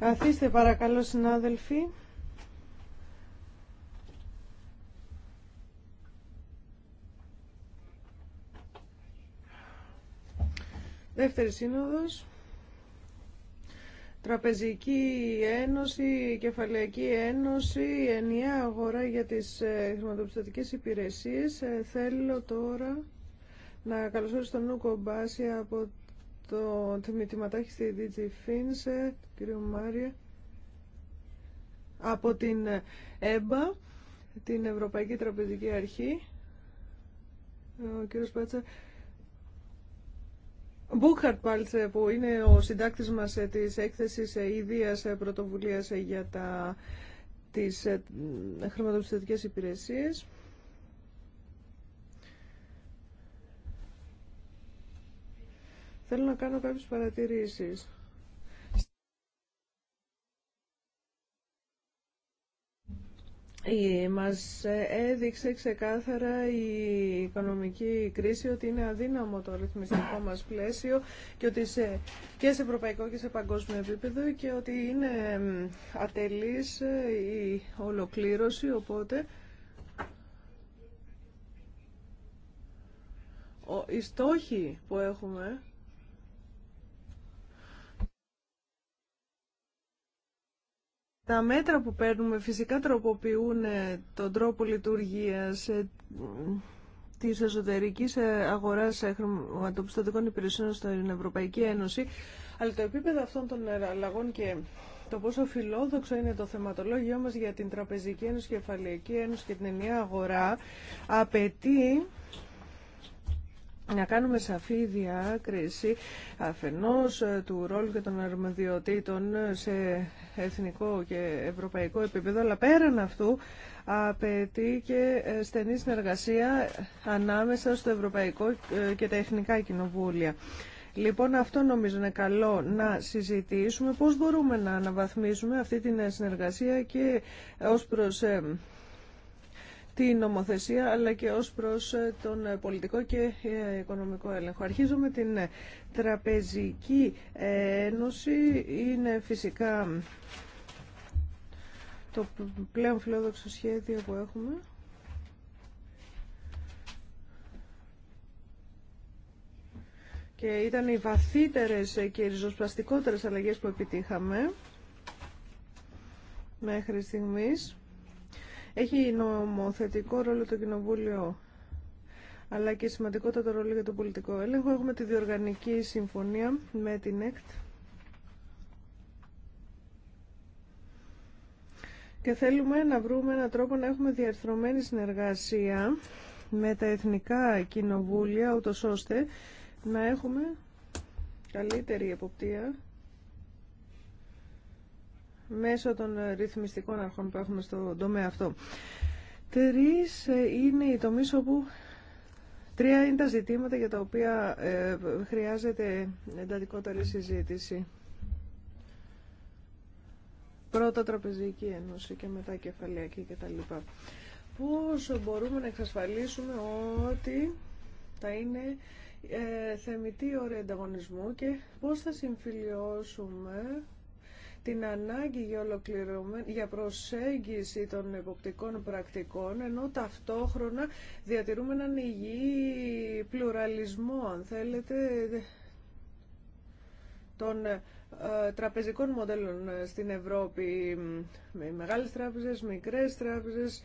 Καθίστε παρακαλώ συνάδελφοι. Δεύτερη σύνοδος. Τραπεζική Ένωση, Κεφαλαϊκή Ένωση, ενιαία αγορά για τις ε, χρηματοπιστωτικές υπηρεσίες. Ε, θέλω τώρα να καλωσορίσω τον Νούκο Μπάση από το τμήματάκι στη DG Φίνσε, κύριο Μάρια, από την ΕΜΠΑ, την Ευρωπαϊκή Τραπεζική Αρχή. Ο κύριος Πάτσα, Μπούχαρτ Πάλτσε που είναι ο συντάκτης μας ε, της έκθεσης ε, ιδίας ε, πρωτοβουλίας για τα, τις χρηματοπιστωτικές υπηρεσίες. Θέλω να κάνω κάποιες παρατηρήσεις. Μας έδειξε ξεκάθαρα η οικονομική κρίση ότι είναι αδύναμο το ρυθμιστικό μας πλαίσιο και ότι σε, και σε ευρωπαϊκό και σε παγκόσμιο επίπεδο και ότι είναι ατελής ε, η ολοκλήρωση οπότε οι στόχοι που έχουμε Τα μέτρα που παίρνουμε φυσικά τροποποιούν ε, τον τρόπο λειτουργίας ε, της εσωτερικής ε, αγοράς χρηματοπιστωτικών υπηρεσιών στην Ευρωπαϊκή Ένωση, αλλά το επίπεδο αυτών των αλλαγών και το πόσο φιλόδοξο είναι το θεματολόγιο μας για την Τραπεζική Ένωση, Κεφαλαϊκή Ένωση και την Ενιαία Αγορά απαιτεί να κάνουμε σαφή διάκριση αφενός ε, του ρόλου και των αρμοδιοτήτων ε, σε εθνικό και ευρωπαϊκό επίπεδο, αλλά πέραν αυτού απαιτεί και ε, στενή συνεργασία ανάμεσα στο ευρωπαϊκό και τα εθνικά κοινοβούλια. Λοιπόν, αυτό νομίζω είναι καλό να συζητήσουμε πώς μπορούμε να αναβαθμίσουμε αυτή την συνεργασία και ως προς την νομοθεσία αλλά και ως προς ε, τον ε, πολιτικό και ε, οικονομικό έλεγχο. Αρχίζω με την Τραπεζική Ένωση. Είναι φυσικά το πλέον φιλόδοξο σχέδιο που έχουμε. Και ήταν οι βαθύτερες και ριζοσπαστικότερες αλλαγές που επιτύχαμε μέχρι στιγμής. Έχει νομοθετικό ρόλο το Κοινοβούλιο αλλά και σημαντικότατο ρόλο για το πολιτικό έλεγχο. Έχουμε τη διοργανική συμφωνία με την ΕΚΤ. Και θέλουμε να βρούμε έναν τρόπο να έχουμε διαρθρωμένη συνεργασία με τα εθνικά κοινοβούλια, ούτως ώστε να έχουμε καλύτερη εποπτεία μέσω των ε, ρυθμιστικών αρχών που έχουμε στον τομέα αυτό. Τρεις ε, είναι οι τομείς όπου τρία είναι τα ζητήματα για τα οποία ε, χρειάζεται εντατικότερη συζήτηση. Πρώτα τραπεζική ένωση και μετά κεφαλαιακή κτλ. Πώς μπορούμε να εξασφαλίσουμε ότι θα είναι θεμητή όρια ανταγωνισμού και πώς θα συμφιλιώσουμε την ανάγκη για, για προσέγγιση των εποπτικών πρακτικών, ενώ ταυτόχρονα διατηρούμε έναν υγιή πλουραλισμό, αν θέλετε, των ε, τραπεζικών μοντέλων στην Ευρώπη, με μεγάλες τράπεζες, μικρές τράπεζες,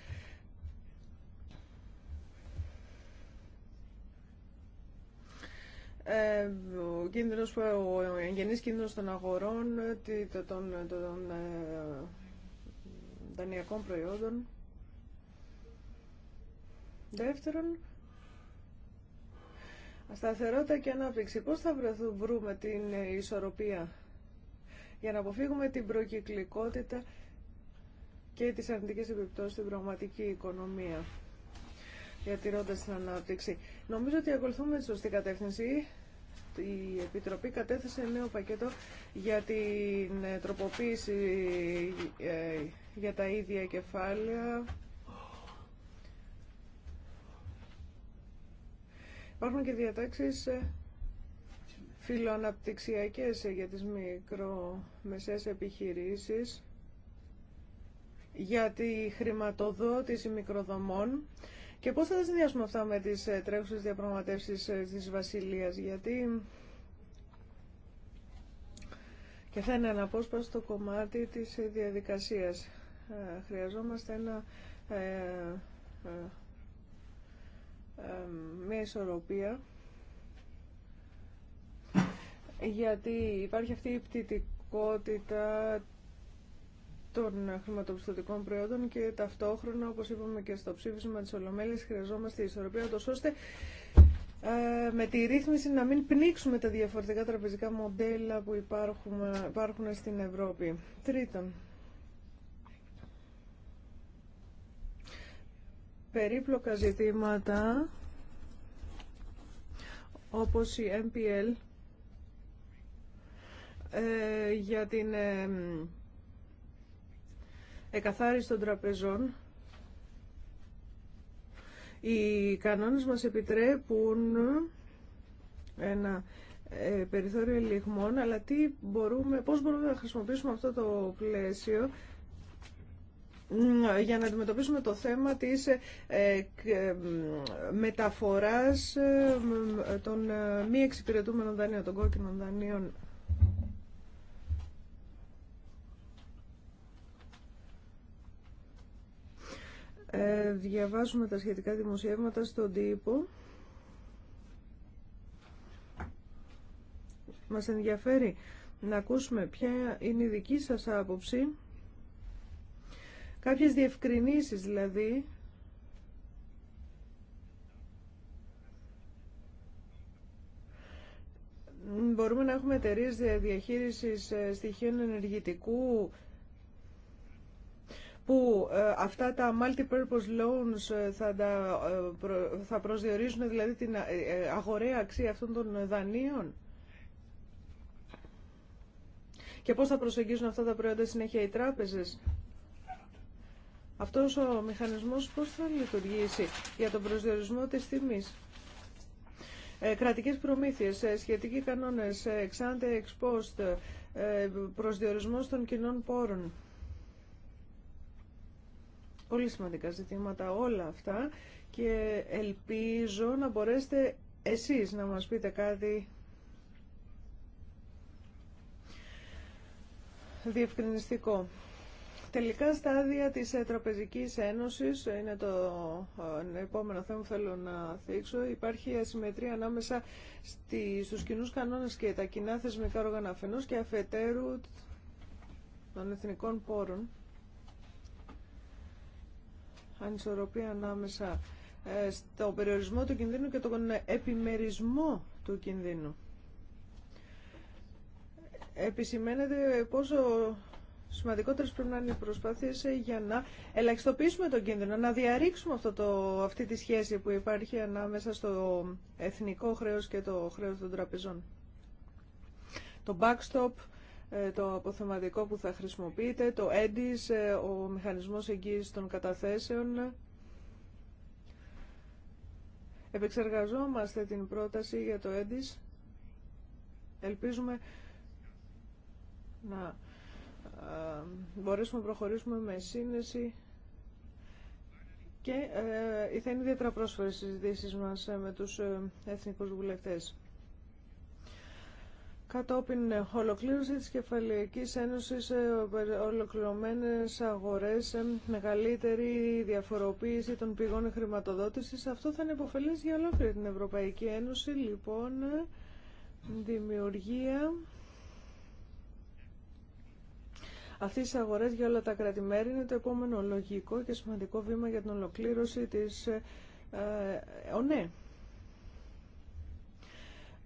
Ε, ο κίνδυνος, ο κίνδυνος των αγορών, των, ε, δανειακών προϊόντων. Δεύτερον, σταθερότητα και ανάπτυξη. Πώς θα βρούμε την ε, ισορροπία για να αποφύγουμε την προκυκλικότητα και τις αρνητικές επιπτώσεις στην πραγματική οικονομία διατηρώντας την ανάπτυξη. Νομίζω ότι ακολουθούμε τη σωστή κατεύθυνση η Επιτροπή κατέθεσε νέο πακέτο για την ε, τροποποίηση ε, για τα ίδια κεφάλαια. Υπάρχουν και διατάξεις ε, φιλοαναπτυξιακές για τις μικρομεσαίες επιχειρήσεις για τη χρηματοδότηση μικροδομών και πώς θα τα συνδυάσουμε αυτά με τις ε, τρέχουσες διαπραγματεύσεις ε, της Βασιλείας, γιατί και θα είναι απόσπαστο κομμάτι της ε, διαδικασίας. Χρειαζόμαστε ένα, ε, ε, μια ισορροπία γιατί υπάρχει αυτή η πτυτικότητα των χρηματοπιστωτικών προϊόντων και ταυτόχρονα, όπως είπαμε και στο ψήφισμα της Ολομέλης, χρειαζόμαστε ισορροπία, ώστε ε, με τη ρύθμιση να μην πνίξουμε τα διαφορετικά τραπεζικά μοντέλα που υπάρχουν, υπάρχουν στην Ευρώπη. Τρίτον, περίπλοκα ζητήματα όπως η MPL ε, για την ε, εκαθάριση των τραπεζών. Οι κανόνες μας επιτρέπουν ένα ε, περιθώριο ελιγμών, αλλά τι μπορούμε, πώς μπορούμε να χρησιμοποιήσουμε αυτό το πλαίσιο για να αντιμετωπίσουμε το θέμα της ε, ε, μεταφοράς των μη εξυπηρετούμενων δανείων, των κόκκινων δανείων. ε, διαβάζουμε τα σχετικά δημοσιεύματα στον τύπο. Μας ενδιαφέρει να ακούσουμε ποια είναι η δική σας άποψη. Κάποιες διευκρινήσεις δηλαδή. Μπορούμε να έχουμε εταιρείε διαχείρισης ε, στοιχείων ενεργητικού που ε, αυτά τα multi-purpose loans ε, θα, ε, θα προσδιορίζουν δηλαδή την αγοραία αξία αυτών των δανείων και πώς θα προσεγγίζουν αυτά τα προϊόντα συνέχεια οι τράπεζες. Αυτός ο μηχανισμός πώς θα λειτουργήσει για τον προσδιορισμό της τιμής. Ε, κρατικές προμήθειες, σχετικοί κανόνες, εξάντε, εξπόστ, προσδιορισμός των κοινών πόρων. Πολύ σημαντικά ζητήματα όλα αυτά και ελπίζω να μπορέσετε εσείς να μας πείτε κάτι διευκρινιστικό. Τελικά στάδια της Τραπεζικής Ένωσης είναι το ε, επόμενο θέμα που θέλω να θίξω. Υπάρχει ασυμμετρία ανάμεσα στη, στους κοινούς κανόνες και τα κοινά θεσμικά όργανα αφενός και αφετέρου των εθνικών πόρων ανισορροπία ανάμεσα ε, στο περιορισμό του κινδύνου και τον επιμερισμό του κινδύνου. Επισημαίνεται πόσο σημαντικότερες πρέπει να είναι οι προσπάθειες ε, για να ελαχιστοποιήσουμε τον κίνδυνο, να διαρρήξουμε αυτό το, αυτή τη σχέση που υπάρχει ανάμεσα στο εθνικό χρέος και το χρέος των τραπεζών. Το backstop ε, το αποθεματικό που θα χρησιμοποιείτε, το έντις, ε, ο μηχανισμός εγγύησης των καταθέσεων. Επεξεργαζόμαστε την πρόταση για το έντις. Ελπίζουμε να μπορέσουμε να προχωρήσουμε με σύνεση και ε, θα είναι ιδιαίτερα συζητήσεις μας ε, με τους εθνικούς βουλευτές κατόπιν ολοκλήρωση της Κεφαλαϊκής Ένωσης, ε, ολοκληρωμένες αγορές, ε, μεγαλύτερη διαφοροποίηση των πηγών χρηματοδότησης. Αυτό θα είναι υποφελής για ολόκληρη την Ευρωπαϊκή Ένωση, λοιπόν, ε, δημιουργία αυτής της αγορές για όλα τα κρατημέρια είναι το επόμενο λογικό και σημαντικό βήμα για την ολοκλήρωση της ΟΝΕ.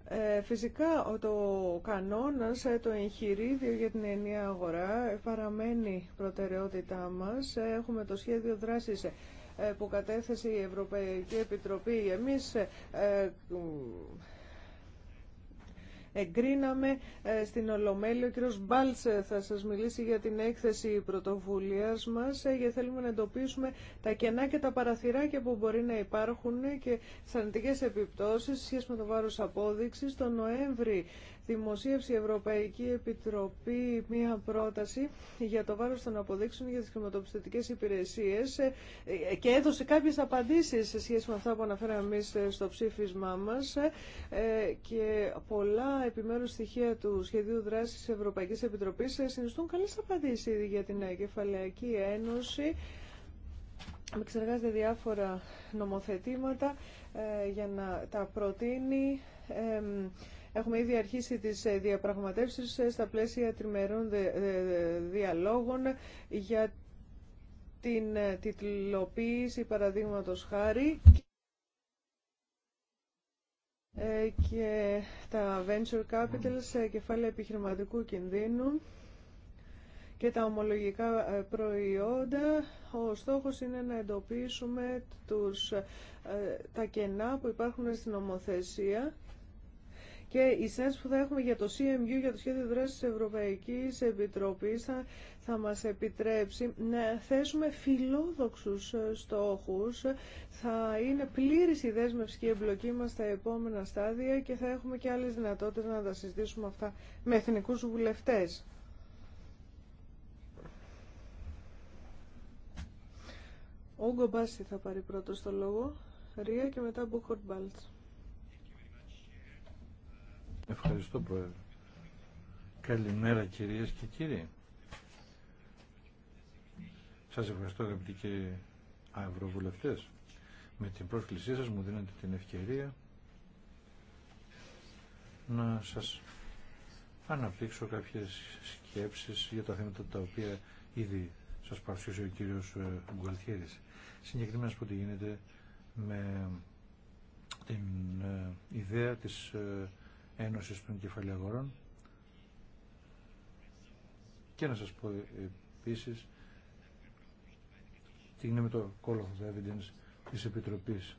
Ε, φυσικά το κανόνας, ε, το εγχειρίδιο για την ενιαία αγορά ε, παραμένει προτεραιότητά μας. Έχουμε το σχέδιο δράσης που κατέθεσε η Ευρωπαϊκή Επιτροπή. Εμείς εγκρίναμε ε, στην Ολομέλεια. Ο κ. Ε, θα σας μιλήσει για την έκθεση πρωτοβουλίας μας ε, για θέλουμε να εντοπίσουμε τα κενά και τα παραθυράκια που μπορεί να υπάρχουν και στι αρνητικές επιπτώσεις σχέση με το βάρος απόδειξης. Το Νοέμβρη δημοσίευσε η Ευρωπαϊκή Επιτροπή μία πρόταση για το βάρος των αποδείξεων για τις χρηματοπιστωτικές υπηρεσίες ε, και έδωσε κάποιες απαντήσεις σε σχέση με αυτά που αναφέραμε εμείς ε, στο ψήφισμά μας ε, και πολλά επιμέρους στοιχεία του σχεδίου δράσης της Ευρωπαϊκής Επιτροπής συνιστούν καλές απαντήσεις για την Κεφαλαϊκή Ένωση εξεργάζεται διάφορα νομοθετήματα για να τα προτείνει Έχουμε ήδη αρχίσει τις ε, διαπραγματεύσεις ε, στα πλαίσια τριμερών ε, διαλόγων για την τιτλοποίηση παραδείγματος χάρη και τα venture capitals, κεφάλαια επιχειρηματικού κινδύνου και τα ομολογικά προϊόντα. Ο στόχος είναι να εντοπίσουμε τους, τα κενά που υπάρχουν στην ομοθεσία και η σένς που θα έχουμε για το CMU, για το σχέδιο δράσης της Ευρωπαϊκής Επιτροπής, θα, θα μας επιτρέψει να θέσουμε φιλόδοξους ε, στόχους. Θα είναι πλήρης η δέσμευση και η εμπλοκή μας στα επόμενα στάδια και θα έχουμε και άλλες δυνατότητες να τα συζητήσουμε αυτά με εθνικούς βουλευτές. Ο Γκομπάση θα πάρει πρώτος το λόγο, Ρία και μετά Μπούχορτ Μπάλτς. Ευχαριστώ Πρόεδρε. Καλημέρα κυρίες και κύριοι. Σας ευχαριστώ αγαπητοί και αυροβουλευτές. Με την πρόσκλησή σας μου δίνετε την ευκαιρία να σας αναπτύξω κάποιες σκέψεις για τα θέματα τα οποία ήδη σας παρουσίασε ο κύριος ε, Γκουαλτιέρης. Συγκεκριμένα πω γίνεται με την ε, ιδέα της ε, Ένωσης των Κεφαλαίων και να σας πω επίσης τι είναι με το Call of Evidence της Επιτροπής.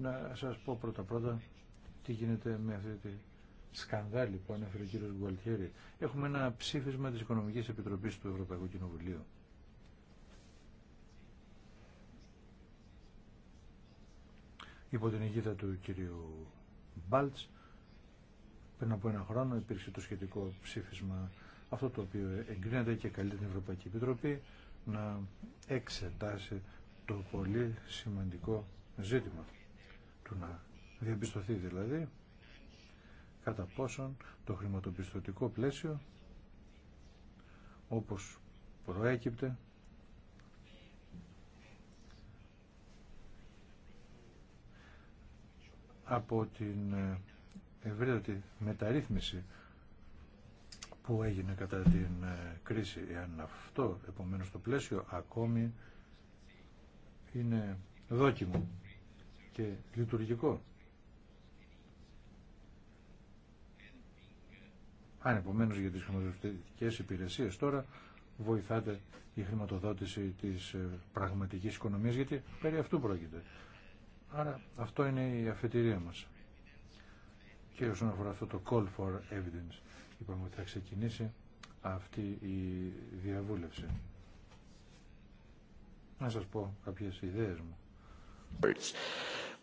Να σας πω πρώτα πρώτα τι γίνεται με αυτή τη σκανδάλη που ανέφερε ο κύριος Γκουαλτιέρη. Έχουμε ένα ψήφισμα της Οικονομικής Επιτροπής του Ευρωπαϊκού Κοινοβουλίου. Υπό την αιγύδα του κυρίου Μπάλτς πριν από ένα χρόνο υπήρξε το σχετικό ψήφισμα, αυτό το οποίο εγκρίνεται και καλεί την Ευρωπαϊκή Επιτροπή να εξετάσει το πολύ σημαντικό ζήτημα του να διαπιστωθεί δηλαδή κατά πόσον το χρηματοπιστωτικό πλαίσιο όπως προέκυπτε από την ε, Ευρύτερη μεταρρύθμιση που έγινε κατά την ε, κρίση. Εάν αυτό, επομένως, το πλαίσιο ακόμη είναι δόκιμο και λειτουργικό. Αν επομένως για τις χρηματοδοτικές υπηρεσίες τώρα βοηθάτε η χρηματοδότηση της ε, πραγματικής οικονομίας, γιατί περί αυτού πρόκειται. Άρα αυτό είναι η αφετηρία μας και όσον αφορά αυτό το call for evidence είπαμε ότι θα ξεκινήσει αυτή η διαβούλευση. Να σας πω κάποιες ιδέες μου.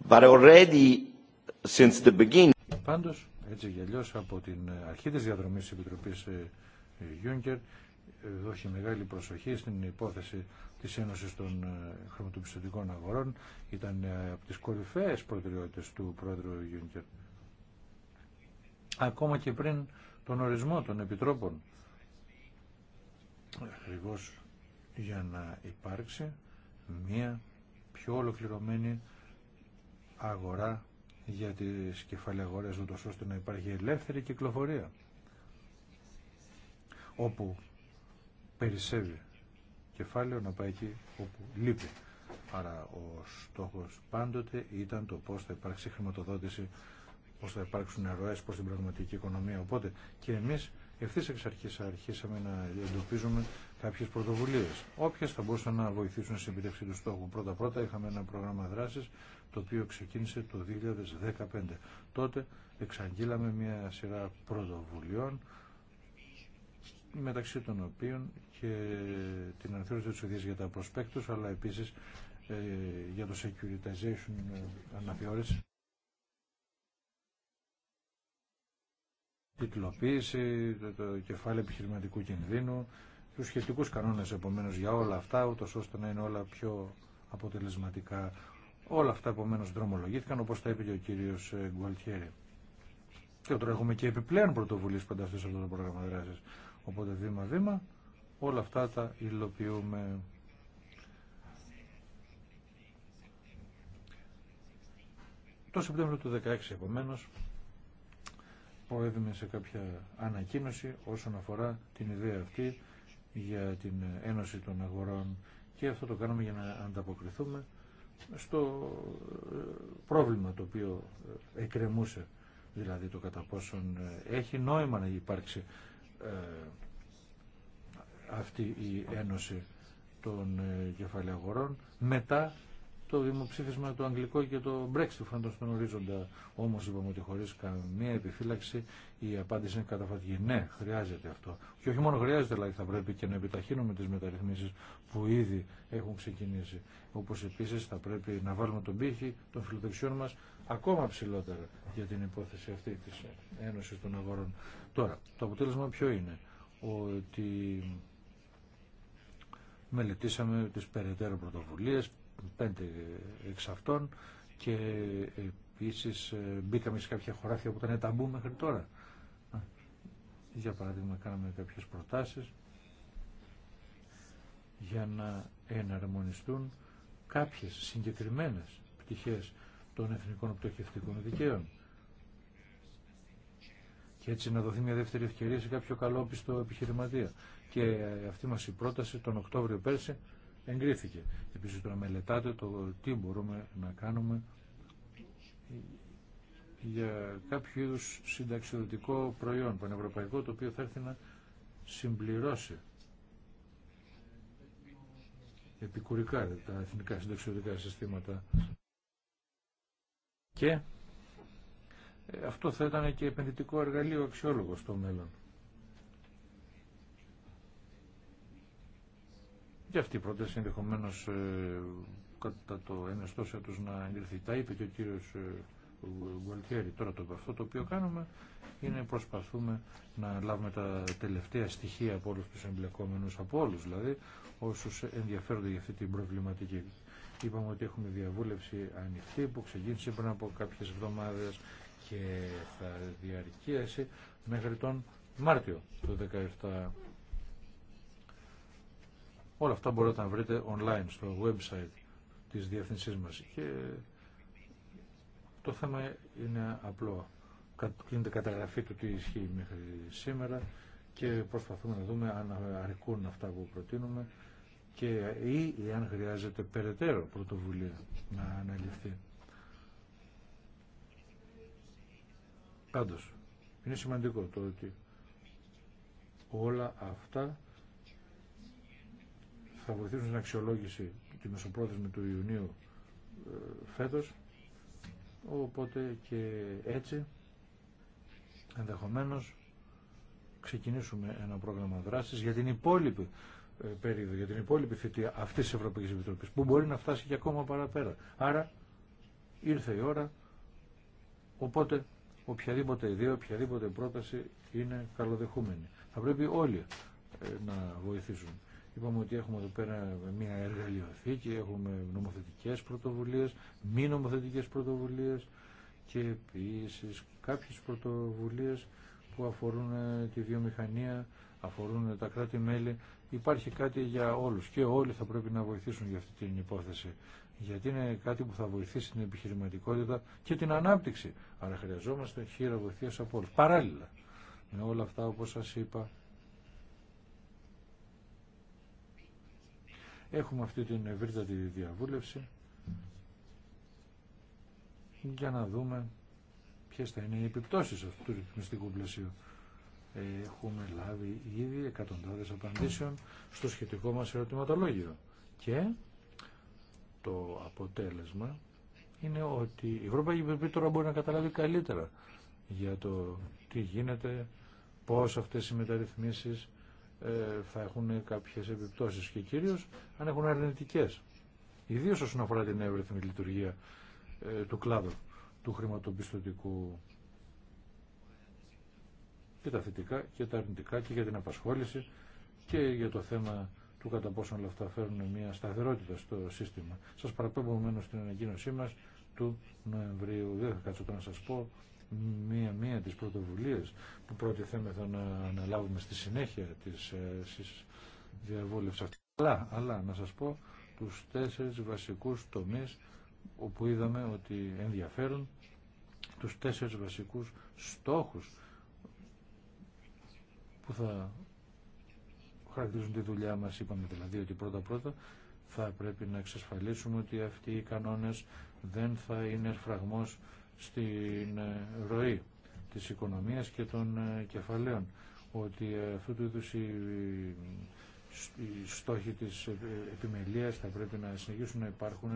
But already, since the beginning... Πάντως, έτσι για αλλιώς, από την αρχή της διαδρομής της Επιτροπής ε, ε, Juncker ε, δόχη μεγάλη προσοχή στην υπόθεση της Ένωσης των Χρηματοπιστωτικών Αγορών. Ήταν από τις κορυφαίες προτεραιότητες του πρόεδρου Juncker ακόμα και πριν τον ορισμό των επιτρόπων. Ακριβώ για να υπάρξει μία πιο ολοκληρωμένη αγορά για τις κεφαλαίες αγορές ούτως ώστε να υπάρχει ελεύθερη κυκλοφορία όπου περισσεύει κεφάλαιο να πάει εκεί όπου λείπει. Άρα ο στόχος πάντοτε ήταν το πώς θα υπάρξει χρηματοδότηση πώ θα υπάρξουν ροέ προ την πραγματική οικονομία. Οπότε και εμεί ευθύ εξ αρχή αρχίσαμε να εντοπίζουμε κάποιε πρωτοβουλίε. Όποιε θα μπορούσαν να βοηθήσουν στην επιτευχή του στόχου. Πρώτα-πρώτα είχαμε ένα πρόγραμμα δράση το οποίο ξεκίνησε το 2015. Τότε εξαγγείλαμε μια σειρά πρωτοβουλειών μεταξύ των οποίων και την ανθεώρηση της οδηγίας για τα προσπέκτους αλλά επίσης ε, για το securitization ε, τιτλοποίηση, το, το κεφάλαιο επιχειρηματικού κινδύνου, του σχετικού κανόνε επομένω για όλα αυτά, ούτω ώστε να είναι όλα πιο αποτελεσματικά. Όλα αυτά επομένω δρομολογήθηκαν, όπω τα είπε και ο κύριο ε, Γκουαλτιέρη. Και τώρα έχουμε και επιπλέον πρωτοβουλίε πάντα αυτές αυτό το προγραμμα δραση δράσης. Οπότε βήμα-βήμα όλα αυτά τα υλοποιούμε. Το Σεπτέμβριο του 2016 επομένως ο έδινε σε κάποια ανακοίνωση όσον αφορά την ιδέα αυτή για την ένωση των αγορών και αυτό το κάνουμε για να ανταποκριθούμε στο ε, πρόβλημα το οποίο ε, εκκρεμούσε δηλαδή το κατά πόσον ε, έχει νόημα να υπάρξει αυτή η ένωση των κεφαλαίων αγορών μετά το δημοψήφισμα το αγγλικό και το Brexit φαντάζομαι στον ορίζοντα. Όμως είπαμε ότι χωρίς καμία επιφύλαξη η απάντηση είναι καταφατική. Ναι, χρειάζεται αυτό. Και όχι μόνο χρειάζεται, αλλά θα πρέπει και να επιταχύνουμε τις μεταρρυθμίσεις που ήδη έχουν ξεκινήσει. Όπως επίσης θα πρέπει να βάλουμε τον πύχη των φιλοδοξιών μας ακόμα ψηλότερα για την υπόθεση αυτή της Ένωσης των Αγορών. Τώρα, το αποτέλεσμα ποιο είναι. Ότι μελετήσαμε τις περαιτέρω πρωτοβουλίες, πέντε εξ αυτών και επίσης ε, μπήκαμε σε κάποια χωράφια που ήταν ταμπού μέχρι τώρα. Για παράδειγμα κάναμε κάποιες προτάσεις για να εναρμονιστούν κάποιες συγκεκριμένες πτυχές των εθνικών πτωχευτικών δικαίων. Και έτσι να δοθεί μια δεύτερη ευκαιρία σε κάποιο καλόπιστο επιχειρηματία. Και αυτή μας η πρόταση τον Οκτώβριο πέρσι εγκρίθηκε. Επίσης τώρα μελετάτε το τι μπορούμε να κάνουμε για κάποιο είδου συνταξιδοτικό προϊόν πανευρωπαϊκό το οποίο θα έρθει να συμπληρώσει επικουρικά τα εθνικά συνταξιδοτικά συστήματα και ε, αυτό θα ήταν και επενδυτικό εργαλείο αξιόλογο στο μέλλον. Και αυτή η πρόταση ενδεχομένω ε, κατά το εναιστώσια του να εγκριθεί. Τα είπε και ο κύριο ε, Γκολτιέρη τώρα το αυτό το οποίο κάνουμε είναι προσπαθούμε να λάβουμε τα τελευταία στοιχεία από όλου του εμπλεκόμενου από όλου δηλαδή, όσου ενδιαφέρονται για αυτή την προβληματική. Είπαμε ότι έχουμε διαβούλευση ανοιχτή που ξεκίνησε πριν από κάποιε εβδομάδε και θα διαρκέσει μέχρι τον Μάρτιο του 2017. Όλα αυτά μπορείτε να βρείτε online στο website της διεύθυνσής μας. Και το θέμα είναι απλό. Γίνεται καταγραφή του τι ισχύει μέχρι σήμερα και προσπαθούμε να δούμε αν αρκούν αυτά που προτείνουμε και ή, ή αν χρειάζεται περαιτέρω πρωτοβουλία να αναλυφθεί. Πάντως, είναι σημαντικό το ότι όλα αυτά θα βοηθήσουν στην αξιολόγηση τη μεσοπρόθεσμη του Ιουνίου ε, φέτος οπότε και έτσι ενδεχομένως ξεκινήσουμε ένα πρόγραμμα δράσης για την υπόλοιπη ε, περίοδο, για την υπόλοιπη θητεία αυτής της Ευρωπαϊκής Επιτροπής που μπορεί να φτάσει και ακόμα παραπέρα. Άρα ήρθε η ώρα οπότε οποιαδήποτε ιδέα, οποιαδήποτε πρόταση είναι καλοδεχούμενη. Θα πρέπει όλοι ε, να βοηθήσουν. Είπαμε ότι έχουμε εδώ πέρα μια εργαλειοθήκη, έχουμε νομοθετικές πρωτοβουλίες, μη νομοθετικές πρωτοβουλίες και επίσης κάποιες πρωτοβουλίες που αφορούν ε, τη βιομηχανία, αφορούν ε, τα κράτη-μέλη. Υπάρχει κάτι για όλους και όλοι θα πρέπει να βοηθήσουν για αυτή την υπόθεση. Γιατί είναι κάτι που θα βοηθήσει την επιχειρηματικότητα και την ανάπτυξη. Άρα χρειαζόμαστε χείρα βοηθείας από όλους. Παράλληλα με όλα αυτά όπως σας είπα Έχουμε αυτή την ευρύτατη διαβούλευση για να δούμε ποιες θα είναι οι επιπτώσεις αυτού του ρυθμιστικού πλαισίου. Έχουμε λάβει ήδη εκατοντάδες απαντήσεων στο σχετικό μας ερωτηματολόγιο και το αποτέλεσμα είναι ότι η Ευρωπαϊκή Επιτροπή τώρα μπορεί να καταλάβει καλύτερα για το τι γίνεται, πώς αυτές οι μεταρρυθμίσεις ε, θα έχουν κάποιες επιπτώσεις και κυρίως αν έχουν αρνητικές. Ιδίως όσον αφορά την εύρυθμη λειτουργία ε, του κλάδου του χρηματοπιστωτικού και τα θετικά και τα αρνητικά και για την απασχόληση και για το θέμα του κατά πόσο όλα αυτά φέρνουν μια σταθερότητα στο σύστημα. Σας παραπέμπω μένω στην ανακοίνωσή μας του Νοεμβρίου. Δεν θα κάτσω τώρα να σας πω μία-μία τις πρωτοβουλίες που πρώτη θέμεθα να αναλάβουμε στη συνέχεια της, ε, της διαβούλευσης αυτής. Αλλά, αλλά να σας πω τους τέσσερις βασικούς τομείς όπου είδαμε ότι ενδιαφέρουν τους τέσσερις βασικούς στόχους που θα χαρακτηρίζουν τη δουλειά μας, είπαμε δηλαδή ότι πρώτα-πρώτα θα πρέπει να εξασφαλίσουμε ότι αυτοί οι κανόνες δεν θα είναι φραγμός στην ε, ροή της οικονομίας και των ε, κεφαλαίων ότι ε, αυτού του είδους οι στόχοι της επιμελίας θα πρέπει να συνεχίσουν να υπάρχουν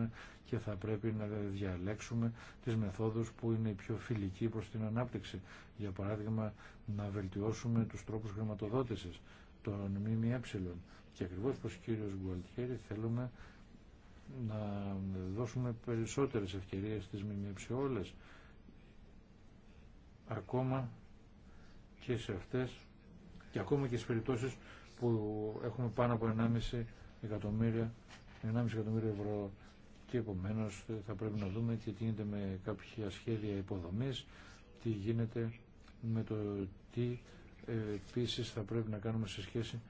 και θα πρέπει να διαλέξουμε τις μεθόδους που είναι οι πιο φιλικοί προς την ανάπτυξη. Για παράδειγμα, να βελτιώσουμε τους τρόπους χρηματοδότησης των ΜΜΕ. Και ακριβώς πως κύριος Γκουαλτιέρη θέλουμε να δώσουμε περισσότερες ευκαιρίες στις ΜΜΕ όλες ακόμα και σε αυτές και ακόμα και στις περιπτώσεις που έχουμε πάνω από 1,5 εκατομμύρια, 1,5 εκατομμύρια ευρώ και επομένως ε, θα πρέπει να δούμε τι γίνεται με κάποια σχέδια υποδομής, τι γίνεται με το τι ε, επίση θα πρέπει να κάνουμε σε σχέση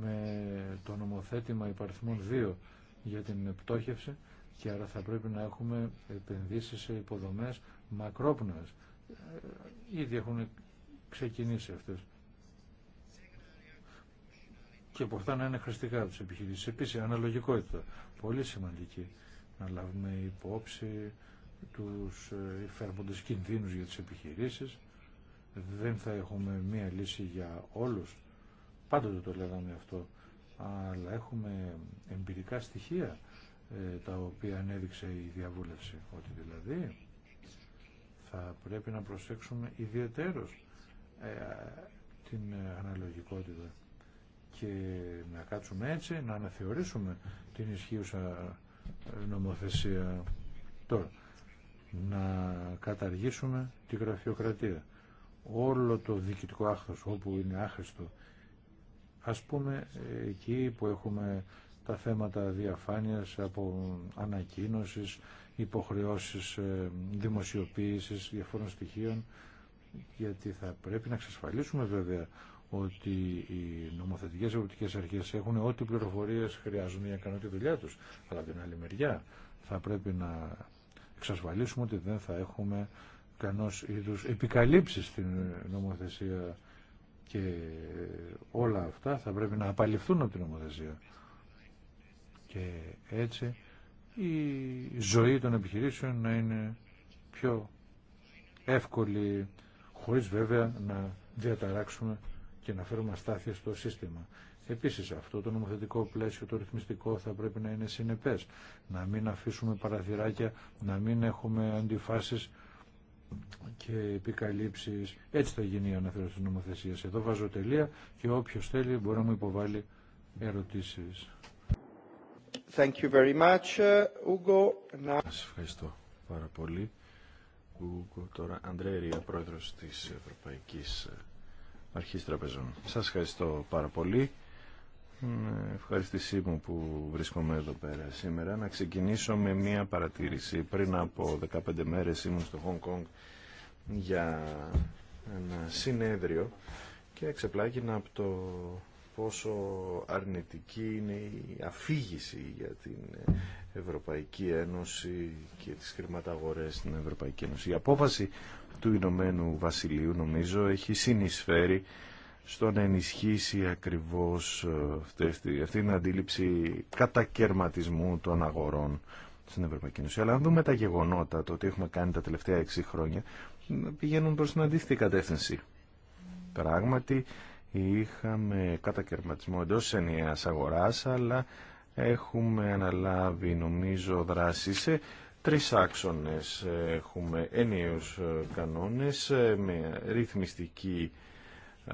με το νομοθέτημα υπαριθμών 2 για την πτώχευση και άρα θα πρέπει να έχουμε επενδύσεις σε υποδομές μακρόπνοες ήδη έχουν ξεκινήσει αυτές. Και από αυτά να είναι χρηστικά από τις επιχειρήσεις. Επίσης, αναλογικότητα. Πολύ σημαντική να λάβουμε υπόψη τους υφέρποντες κινδύνους για τις επιχειρήσεις. Δεν θα έχουμε μία λύση για όλους. Πάντοτε το λέγαμε αυτό. Αλλά έχουμε εμπειρικά στοιχεία ε, τα οποία ανέδειξε η διαβούλευση. Ότι δηλαδή θα πρέπει να προσέξουμε ιδιαίτερως ε, την αναλογικότητα και να κάτσουμε έτσι να αναθεωρήσουμε την ισχύουσα ε, νομοθεσία τώρα να καταργήσουμε τη γραφειοκρατία όλο το διοικητικό άχθος όπου είναι άχρηστο ας πούμε ε, εκεί που έχουμε τα θέματα διαφάνειας, από ανακοίνωσης, υποχρεώσεις ε, δημοσιοποίησης διαφόρων στοιχείων, γιατί θα πρέπει να εξασφαλίσουμε βέβαια ότι οι νομοθετικές ευρωπαϊκές αρχές έχουν ό,τι πληροφορίες χρειάζονται για να κάνουν δουλειά τους. Αλλά την άλλη μεριά θα πρέπει να εξασφαλίσουμε ότι δεν θα έχουμε κανός είδους επικαλύψεις στην νομοθεσία και όλα αυτά θα πρέπει να απαλληφθούν από την νομοθεσία και έτσι η ζωή των επιχειρήσεων να είναι πιο εύκολη χωρίς βέβαια να διαταράξουμε και να φέρουμε αστάθεια στο σύστημα. Επίσης αυτό το νομοθετικό πλαίσιο, το ρυθμιστικό θα πρέπει να είναι συνεπές, να μην αφήσουμε παραθυράκια, να μην έχουμε αντιφάσεις και επικαλύψεις. Έτσι θα γίνει η αναθεώρηση της νομοθεσίας. Εδώ βάζω τελεία και όποιος θέλει μπορεί να μου υποβάλει ερωτήσεις. Thank you very much, uh, Now... Σας ευχαριστώ πάρα πολύ. Ugo, τώρα Αντρέρια, πρόεδρος της Ευρωπαϊκής ε, Αρχής Τραπεζών. Σας ευχαριστώ πάρα πολύ. Ευχαριστησή μου που βρίσκομαι εδώ πέρα σήμερα. Να ξεκινήσω με μία παρατήρηση. Πριν από 15 μέρες ήμουν στο Hong Kong για ένα συνέδριο και εξεπλάγινα από το πόσο αρνητική είναι η αφήγηση για την Ευρωπαϊκή Ένωση και τις χρηματαγορές στην Ευρωπαϊκή Ένωση. Η απόφαση του Ηνωμένου Βασιλείου νομίζω έχει συνεισφέρει στο να ενισχύσει ακριβώς ε, αυτή, την αντίληψη κατακαιρματισμού των αγορών στην Ευρωπαϊκή Ένωση. Αλλά αν δούμε τα γεγονότα, το ότι έχουμε κάνει τα τελευταία 6 χρόνια, πηγαίνουν προς την αντίθετη κατεύθυνση. Πράγματι, είχαμε κατακαιρματισμό εντός ενιαίας αγοράς, αλλά έχουμε αναλάβει νομίζω δράση σε τρεις άξονες. Έχουμε ενιαίους ε, κανόνες ε, με ρυθμιστική ε,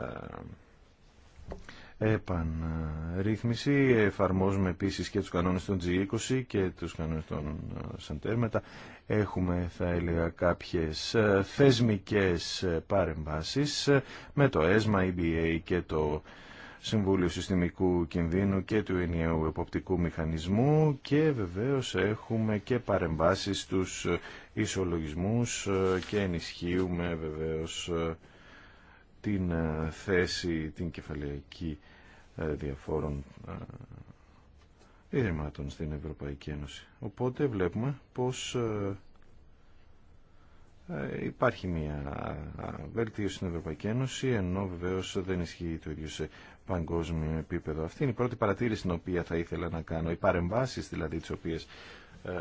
επαναρρύθμιση. Εφαρμόζουμε επίσης και τους κανόνες των G20 και τους κανόνες των Σαντέρμετα. Ε, έχουμε, θα έλεγα, κάποιες ε, θεσμικές ε, παρεμβάσεις με το ΕΣΜΑ, EBA και το Συμβούλιο Συστημικού Κινδύνου και του Ενιαίου Εποπτικού Μηχανισμού και βεβαίως έχουμε και παρεμβάσεις στους ισολογισμούς και ενισχύουμε βεβαίως την ε, θέση, την κεφαλαϊκή ε, διαφόρων ε, ιδρυμάτων στην Ευρωπαϊκή Ένωση. Οπότε βλέπουμε πως υπάρχει μια βελτίωση στην Ευρωπαϊκή Ένωση, ενώ βεβαίω δεν ισχύει το ίδιο σε παγκόσμιο επίπεδο. Αυτή είναι η πρώτη παρατήρηση την οποία θα ήθελα να κάνω. Οι παρεμβάσεις δηλαδή τις οποίες ε,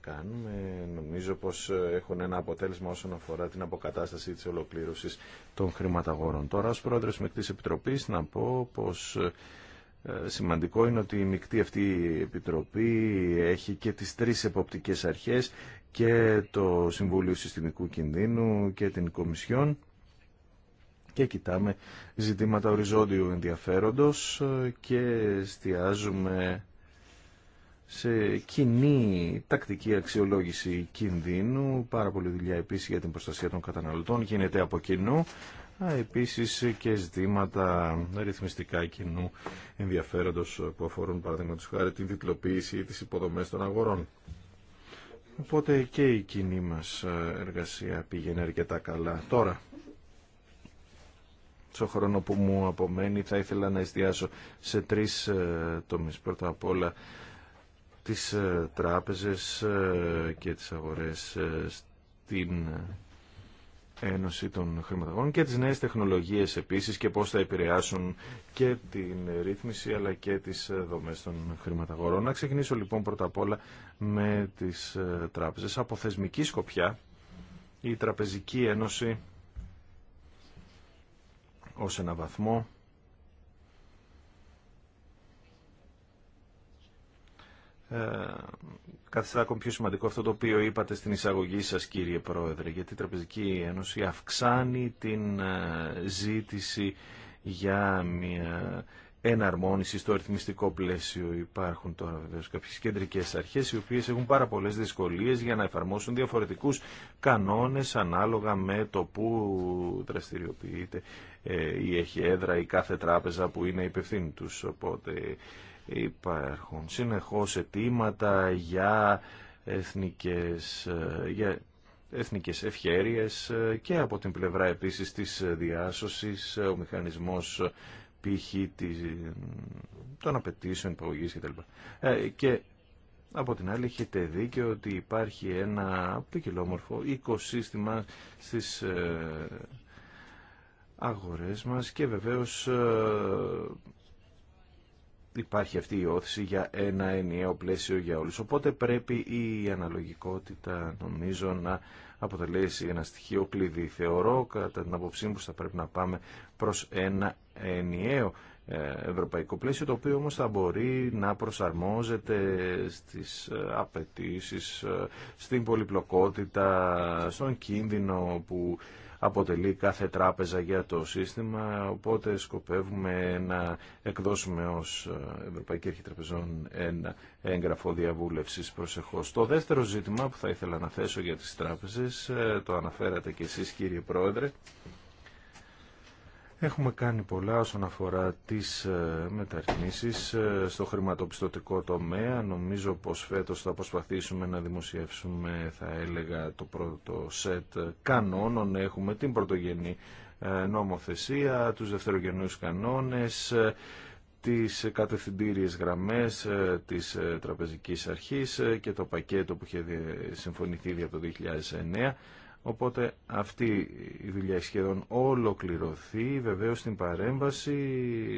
κάνουμε. Νομίζω πως ε, έχουν ένα αποτέλεσμα όσον αφορά την αποκατάσταση της ολοκλήρωσης των χρηματαγόρων. Τώρα ως πρόεδρος Μεκτής Επιτροπής να πω πως ε, σημαντικό είναι ότι η μεικτή αυτή επιτροπή έχει και τις τρεις εποπτικές αρχές και το Συμβούλιο Συστημικού Κινδύνου και την Κομισιόν και κοιτάμε ζητήματα οριζόντιου ενδιαφέροντος και εστιάζουμε σε κοινή τακτική αξιολόγηση κινδύνου, πάρα πολλή δουλειά επίσης για την προστασία των καταναλωτών γίνεται από κοινού, επίσης και ζητήματα ρυθμιστικά κοινού ενδιαφέροντος που αφορούν παραδείγματος χάρη την διπλοποίηση ή τις υποδομές των αγορών. Οπότε και η κοινή μας εργασία πήγαινε αρκετά καλά. Τώρα, στο χρόνο που μου απομένει, θα ήθελα να εστιάσω σε τρεις ε, τομείς. Πρώτα απ' όλα, τις ε, τράπεζες ε, και τις αγορές ε, στην Ένωση των Χρηματαγών και τις νέες τεχνολογίες επίσης και πώς θα επηρεάσουν και την ρύθμιση αλλά και τις δομές των χρηματαγορών. Να ξεκινήσω λοιπόν πρώτα απ' όλα με τις τράπεζες. Από θεσμική σκοπιά η Τραπεζική Ένωση ως ένα βαθμό Ε, καθιστά ακόμη πιο σημαντικό αυτό το οποίο είπατε στην εισαγωγή σας κύριε Πρόεδρε γιατί η Τραπεζική Ένωση αυξάνει την ε, ζήτηση για μια εναρμόνιση στο ρυθμιστικό πλαίσιο υπάρχουν τώρα βεβαίω κάποιε κεντρικέ αρχέ οι οποίε έχουν πάρα πολλέ δυσκολίε για να εφαρμόσουν διαφορετικού κανόνε ανάλογα με το που δραστηριοποιείται ε, ή έχει έδρα η κάθε τράπεζα που είναι υπευθύνη του. Οπότε Υπάρχουν συνεχώς αιτήματα για εθνικές, ε, για εθνικές ευχέρειες ε, και από την πλευρά επίσης της διάσωσης, ε, ο μηχανισμός π.χ. των απαιτήσεων υπαγωγής κτλ. Και από την άλλη έχετε δίκιο ότι υπάρχει ένα ποικιλόμορφο οικοσύστημα στις αγορές μας και βεβαίως υπάρχει αυτή η όθηση για ένα ενιαίο πλαίσιο για όλους. Οπότε πρέπει η αναλογικότητα νομίζω να αποτελέσει ένα στοιχείο κλειδί. Θεωρώ κατά την απόψή μου θα πρέπει να πάμε προς ένα ενιαίο ε, ευρωπαϊκό πλαίσιο το οποίο όμως θα μπορεί να προσαρμόζεται στις ε, απαιτήσει, ε, στην πολυπλοκότητα, στον κίνδυνο που αποτελεί κάθε τράπεζα για το σύστημα, οπότε σκοπεύουμε να εκδώσουμε ως ε, Ευρωπαϊκή Αρχή Τραπεζών ένα έγγραφο διαβούλευσης προσεχώς. Το δεύτερο ζήτημα που θα ήθελα να θέσω για τις τράπεζες, ε, το αναφέρατε και εσείς κύριε Πρόεδρε, Έχουμε κάνει πολλά όσον αφορά τις ε, μεταρρυθμίσεις ε, στο χρηματοπιστωτικό τομέα. Νομίζω πως φέτος θα προσπαθήσουμε να δημοσιεύσουμε, θα έλεγα, το πρώτο σετ κανόνων. Έχουμε την πρωτογενή ε, νομοθεσία, τους δευτερογενούς κανόνες, τις κατευθυντήριες γραμμές της Τραπεζικής Αρχής και το πακέτο που είχε συμφωνηθεί ήδη από το 2009 Οπότε αυτή η δουλειά έχει σχεδόν ολοκληρωθεί. Βεβαίως στην παρέμβαση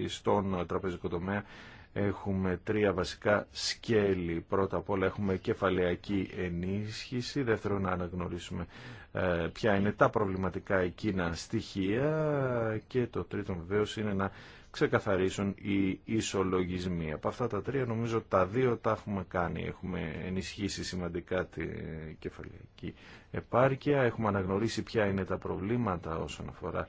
στον τραπεζικό τομέα έχουμε τρία βασικά σκέλη. Πρώτα απ' όλα έχουμε κεφαλαιακή ενίσχυση. Δεύτερον να αναγνωρίσουμε ε, ποια είναι τα προβληματικά εκείνα στοιχεία. Και το τρίτο βεβαίως είναι να ξεκαθαρίσουν οι ισολογισμοί. Από αυτά τα τρία νομίζω τα δύο τα έχουμε κάνει. Έχουμε ενισχύσει σημαντικά την κεφαλαϊκή επάρκεια, έχουμε αναγνωρίσει ποια είναι τα προβλήματα όσον αφορά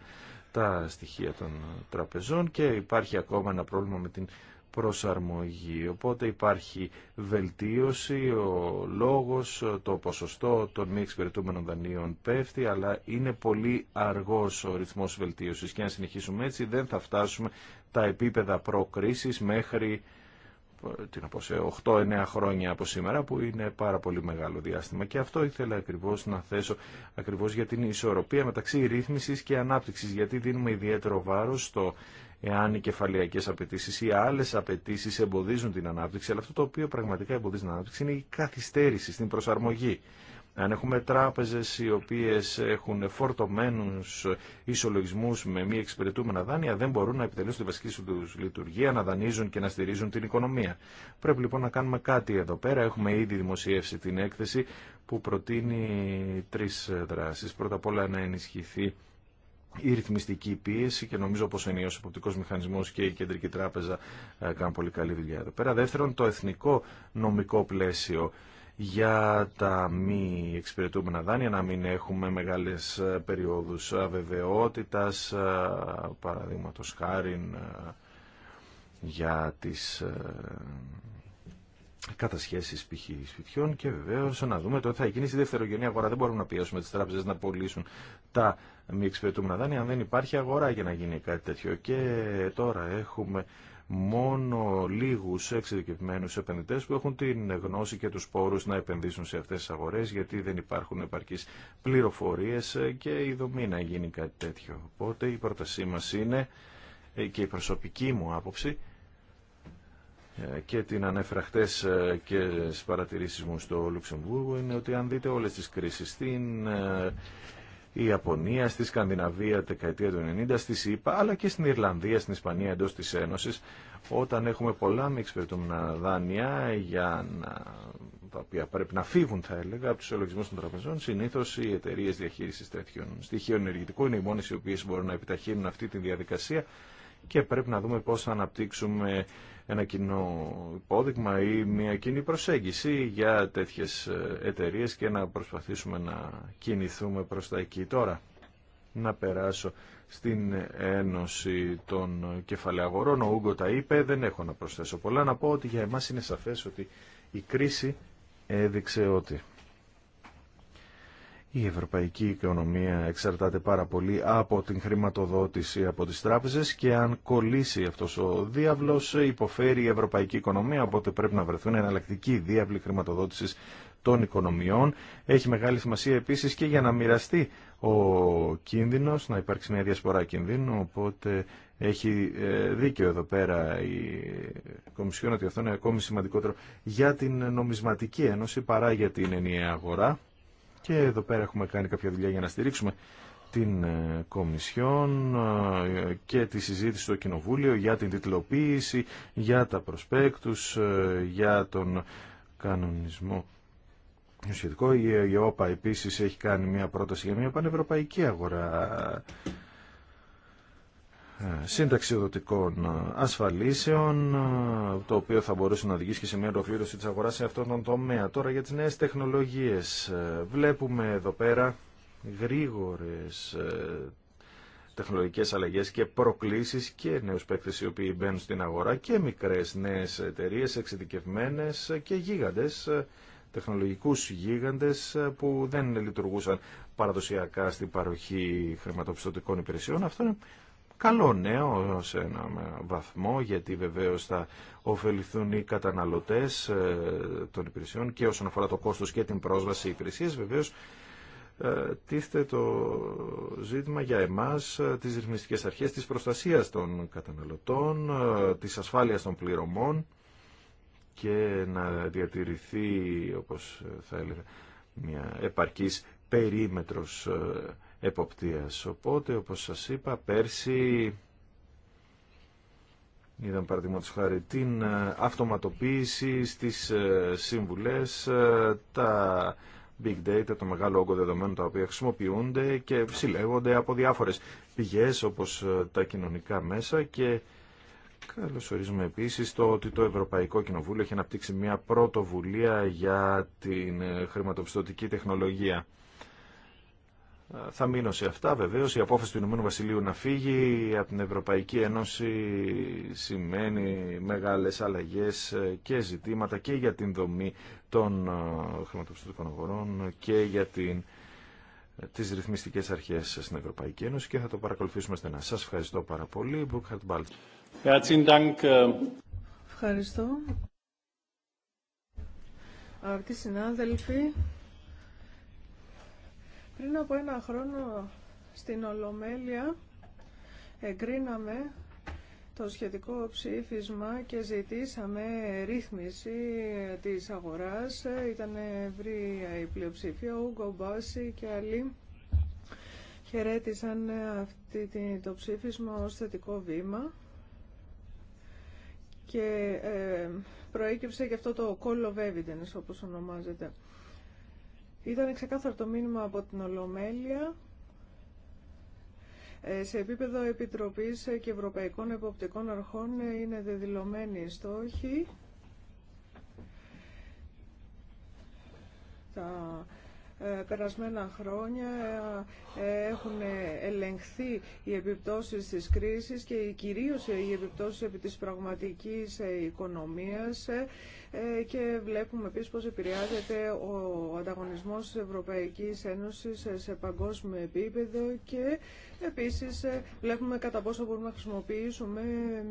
τα στοιχεία των τραπεζών και υπάρχει ακόμα ένα πρόβλημα με την προσαρμογή. Οπότε υπάρχει βελτίωση, ο λόγος, το ποσοστό των μη εξυπηρετούμενων δανείων πέφτει, αλλά είναι πολύ αργός ο ρυθμός βελτίωσης και αν συνεχίσουμε έτσι δεν θα φτάσουμε τα επίπεδα προκρίσης μέχρι 8-9 χρόνια από σήμερα που είναι πάρα πολύ μεγάλο διάστημα και αυτό ήθελα ακριβώς να θέσω ακριβώς για την ισορροπία μεταξύ ρύθμισης και ανάπτυξης γιατί δίνουμε ιδιαίτερο βάρος στο εάν οι κεφαλιακές απαιτήσεις ή άλλες απαιτήσεις εμποδίζουν την ανάπτυξη. αλλά αυτό το οποίο πραγματικά εμποδίζει την ανάπτυξη είναι η αλλε απαιτησει εμποδιζουν την αναπτυξη αλλα αυτο το οποιο πραγματικα εμποδιζει την αναπτυξη ειναι η καθυστερηση στην προσαρμογή. Αν έχουμε τράπεζε οι οποίε έχουν φορτωμένου ισολογισμού με μη εξυπηρετούμενα δάνεια, δεν μπορούν να επιτελέσουν τη βασική του λειτουργία, να δανείζουν και να στηρίζουν την οικονομία. Πρέπει λοιπόν να κάνουμε κάτι εδώ πέρα. Έχουμε ήδη δημοσιεύσει την έκθεση που προτείνει τρει δράσει. Πρώτα απ' όλα να ενισχυθεί η ρυθμιστική πίεση και νομίζω πως ο Συμποπτικός μηχανισμός και η Κεντρική Τράπεζα ε, κάνουν πολύ καλή δουλειά εδώ πέρα. Δεύτερον, το εθνικό νομικό πλαίσιο για τα μη εξυπηρετούμενα δάνεια, να μην έχουμε μεγάλες ε, περιόδους αβεβαιότητας, ε, παραδείγματος χάρη για τις κατασχέσει π.χ. σπιτιών και βεβαίω να δούμε το ότι θα γίνει στη δευτερογενή αγορά. Δεν μπορούμε να πιέσουμε τι τράπεζε να πωλήσουν τα μη εξυπηρετούμενα δάνεια αν δεν υπάρχει αγορά για να γίνει κάτι τέτοιο. Και τώρα έχουμε μόνο λίγου εξειδικευμένου επενδυτέ που έχουν την γνώση και του πόρου να επενδύσουν σε αυτέ τι αγορέ γιατί δεν υπάρχουν επαρκεί πληροφορίε και η δομή να γίνει κάτι τέτοιο. Οπότε η πρότασή μα είναι ε, και η προσωπική μου άποψη και την ανέφερα ε, και στι παρατηρήσει μου στο Λουξεμβούργο είναι ότι αν δείτε όλε τι κρίσει στην ε, η Ιαπωνία, στη Σκανδιναβία δεκαετία του 90, στη ΣΥΠΑ, αλλά και στην Ιρλανδία, στην Ισπανία εντό τη Ένωση, όταν έχουμε πολλά μη εξυπηρετούμενα δάνεια για τα οποία πρέπει να φύγουν, θα έλεγα, από του ολογισμού των τραπεζών, συνήθω οι εταιρείε διαχείριση τέτοιων στοιχείων ενεργητικού είναι οι μόνε οι οποίε μπορούν να επιταχύνουν αυτή τη διαδικασία και πρέπει να δούμε πώ θα αναπτύξουμε ένα κοινό υπόδειγμα ή μια κοινή προσέγγιση για τέτοιες ε, εταιρείε και να προσπαθήσουμε να κινηθούμε προς τα εκεί. Τώρα, να περάσω στην Ένωση των Κεφαλαίων Ο Ούγκο τα είπε, δεν έχω να προσθέσω πολλά. Να πω ότι για εμάς είναι σαφές ότι η κρίση έδειξε ότι η ευρωπαϊκή οικονομία εξαρτάται πάρα πολύ από την χρηματοδότηση από τις τράπεζες και αν κολλήσει αυτός ο διάβλος υποφέρει η ευρωπαϊκή οικονομία οπότε πρέπει να βρεθούν εναλλακτικοί διάβλοι χρηματοδότησης των οικονομιών. Έχει μεγάλη σημασία επίσης και για να μοιραστεί ο κίνδυνος, να υπάρξει μια διασπορά κινδύνου, οπότε έχει ε, δίκιο εδώ πέρα η Κομισιόν ότι αυτό είναι ακόμη σημαντικότερο για την νομισματική ένωση παρά για την ενιαία αγορά. Και εδώ πέρα έχουμε κάνει κάποια δουλειά για να στηρίξουμε την ε, Κομισιόν ε, και τη συζήτηση στο Κοινοβούλιο για την τιτλοποίηση, για τα προσπέκτους, ε, για τον κανονισμό. Σχετικό, η ΕΟΠΑ επίσης έχει κάνει μια πρόταση για μια πανευρωπαϊκή αγορά συνταξιοδοτικών ασφαλίσεων, το οποίο θα μπορούσε να οδηγήσει και σε μια ολοκλήρωση της αγοράς σε αυτόν τον τομέα. Τώρα για τις νέες τεχνολογίες. Βλέπουμε εδώ πέρα γρήγορες ε, τεχνολογικές αλλαγές και προκλήσεις και νέους παίκτες οι οποίοι μπαίνουν στην αγορά και μικρές νέες εταιρείε εξειδικευμένες και γίγαντες ε, τεχνολογικούς γίγαντες ε, που δεν λειτουργούσαν παραδοσιακά στην παροχή χρηματοπιστωτικών υπηρεσιών. Αυτό καλό νέο σε ένα βαθμό γιατί βεβαίως θα ωφεληθούν οι καταναλωτές ε, των υπηρεσιών και όσον αφορά το κόστος και την πρόσβαση υπηρεσίες βεβαίως ε, τίθεται το ζήτημα για εμάς ε, τις ρυθμιστικές αρχές της προστασίας των καταναλωτών, της ασφάλειας των πληρωμών και να διατηρηθεί όπως θα έλεγα μια επαρκής περίμετρος ε, εποπτείας. Οπότε, όπως σας είπα, πέρσι είδαμε παραδείγματο χάρη την ε, αυτοματοποίηση στις ε, σύμβουλες, τα big data, το μεγάλο όγκο δεδομένων τα οποία χρησιμοποιούνται και συλλέγονται από διάφορες πηγές όπως τα κοινωνικά μέσα και ορίζουμε επίσης το ότι το Ευρωπαϊκό Κοινοβούλιο έχει αναπτύξει μια πρωτοβουλία για την χρηματοπιστωτική τεχνολογία. Θα μείνω σε αυτά βεβαίω. Η απόφαση του Ηνωμένου Βασιλείου να φύγει από την Ευρωπαϊκή Ένωση σημαίνει μεγάλε αλλαγέ και ζητήματα και για την δομή των ε, χρηματοπιστωτικών αγορών και για την ε, τις ρυθμιστικές αρχές στην Ευρωπαϊκή Ένωση και θα το παρακολουθήσουμε στενά. Σας ευχαριστώ πάρα πολύ. Ε. Ευχαριστώ. Αγαπητοί συνάδελφοι, πριν από ένα χρόνο στην Ολομέλεια εγκρίναμε το σχετικό ψήφισμα και ζητήσαμε ρύθμιση της αγοράς. Ήταν ευρία η πλειοψηφία, ο Γκομπάση και άλλοι χαιρέτησαν αυτή το ψήφισμα ως θετικό βήμα και ε, προέκυψε και αυτό το call of evidence όπως ονομάζεται. Ήταν ξεκάθαρο το μήνυμα από την Ολομέλεια ε, σε επίπεδο Επιτροπής και Ευρωπαϊκών Εποπτικών Αρχών είναι δεδηλωμένοι οι στόχοι. Ε, περασμένα χρόνια ε, έχουν ελεγχθεί οι επιπτώσεις της κρίσης και κυρίως οι επιπτώσεις επί της πραγματικής ε, οικονομίας και βλέπουμε επίσης πώς επηρεάζεται ο ανταγωνισμός της Ευρωπαϊκής Ένωσης σε παγκόσμιο επίπεδο και επίσης βλέπουμε κατά πόσο μπορούμε να χρησιμοποιήσουμε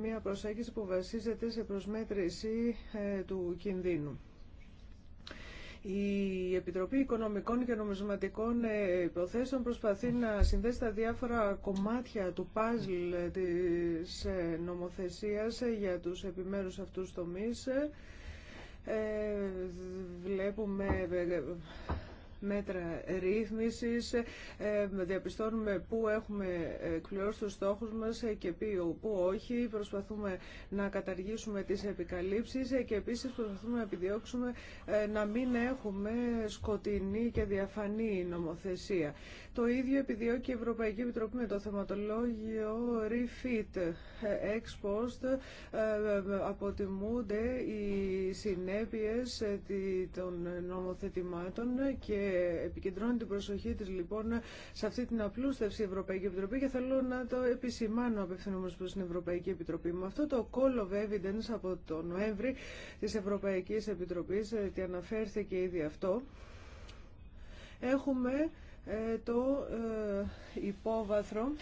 μια προσέγγιση που βασίζεται σε προσμέτρηση του κινδύνου. Η Επιτροπή Οικονομικών και Νομισματικών ε, Υποθέσεων προσπαθεί να συνδέσει τα διάφορα κομμάτια του παζλ της ε, νομοθεσίας ε, για τους επιμέρους αυτούς τομείς. Βλέπουμε μέτρα ρύθμισης. Ε, διαπιστώνουμε πού έχουμε εκπληρώσει τους στόχους μας και πού όχι. Προσπαθούμε να καταργήσουμε τις επικαλύψεις και επίσης προσπαθούμε να επιδιώξουμε ε, να μην έχουμε σκοτεινή και διαφανή νομοθεσία. Το ίδιο επιδιώκει η Ευρωπαϊκή Επιτροπή με το θεματολόγιο Refit. Ε, ex post ε, ε, αποτιμούνται οι συνέπειες των νομοθετημάτων και επικεντρώνει την προσοχή της λοιπόν σε αυτή την απλούστευση η Ευρωπαϊκή Επιτροπή και θέλω να το επισημάνω απευθυνόμενος προς την Ευρωπαϊκή Επιτροπή. Με αυτό το call of evidence από το Νοέμβρη της Ευρωπαϊκής Επιτροπής, ότι αναφέρθηκε ήδη αυτό, έχουμε ε, το ε, υπόβαθρο,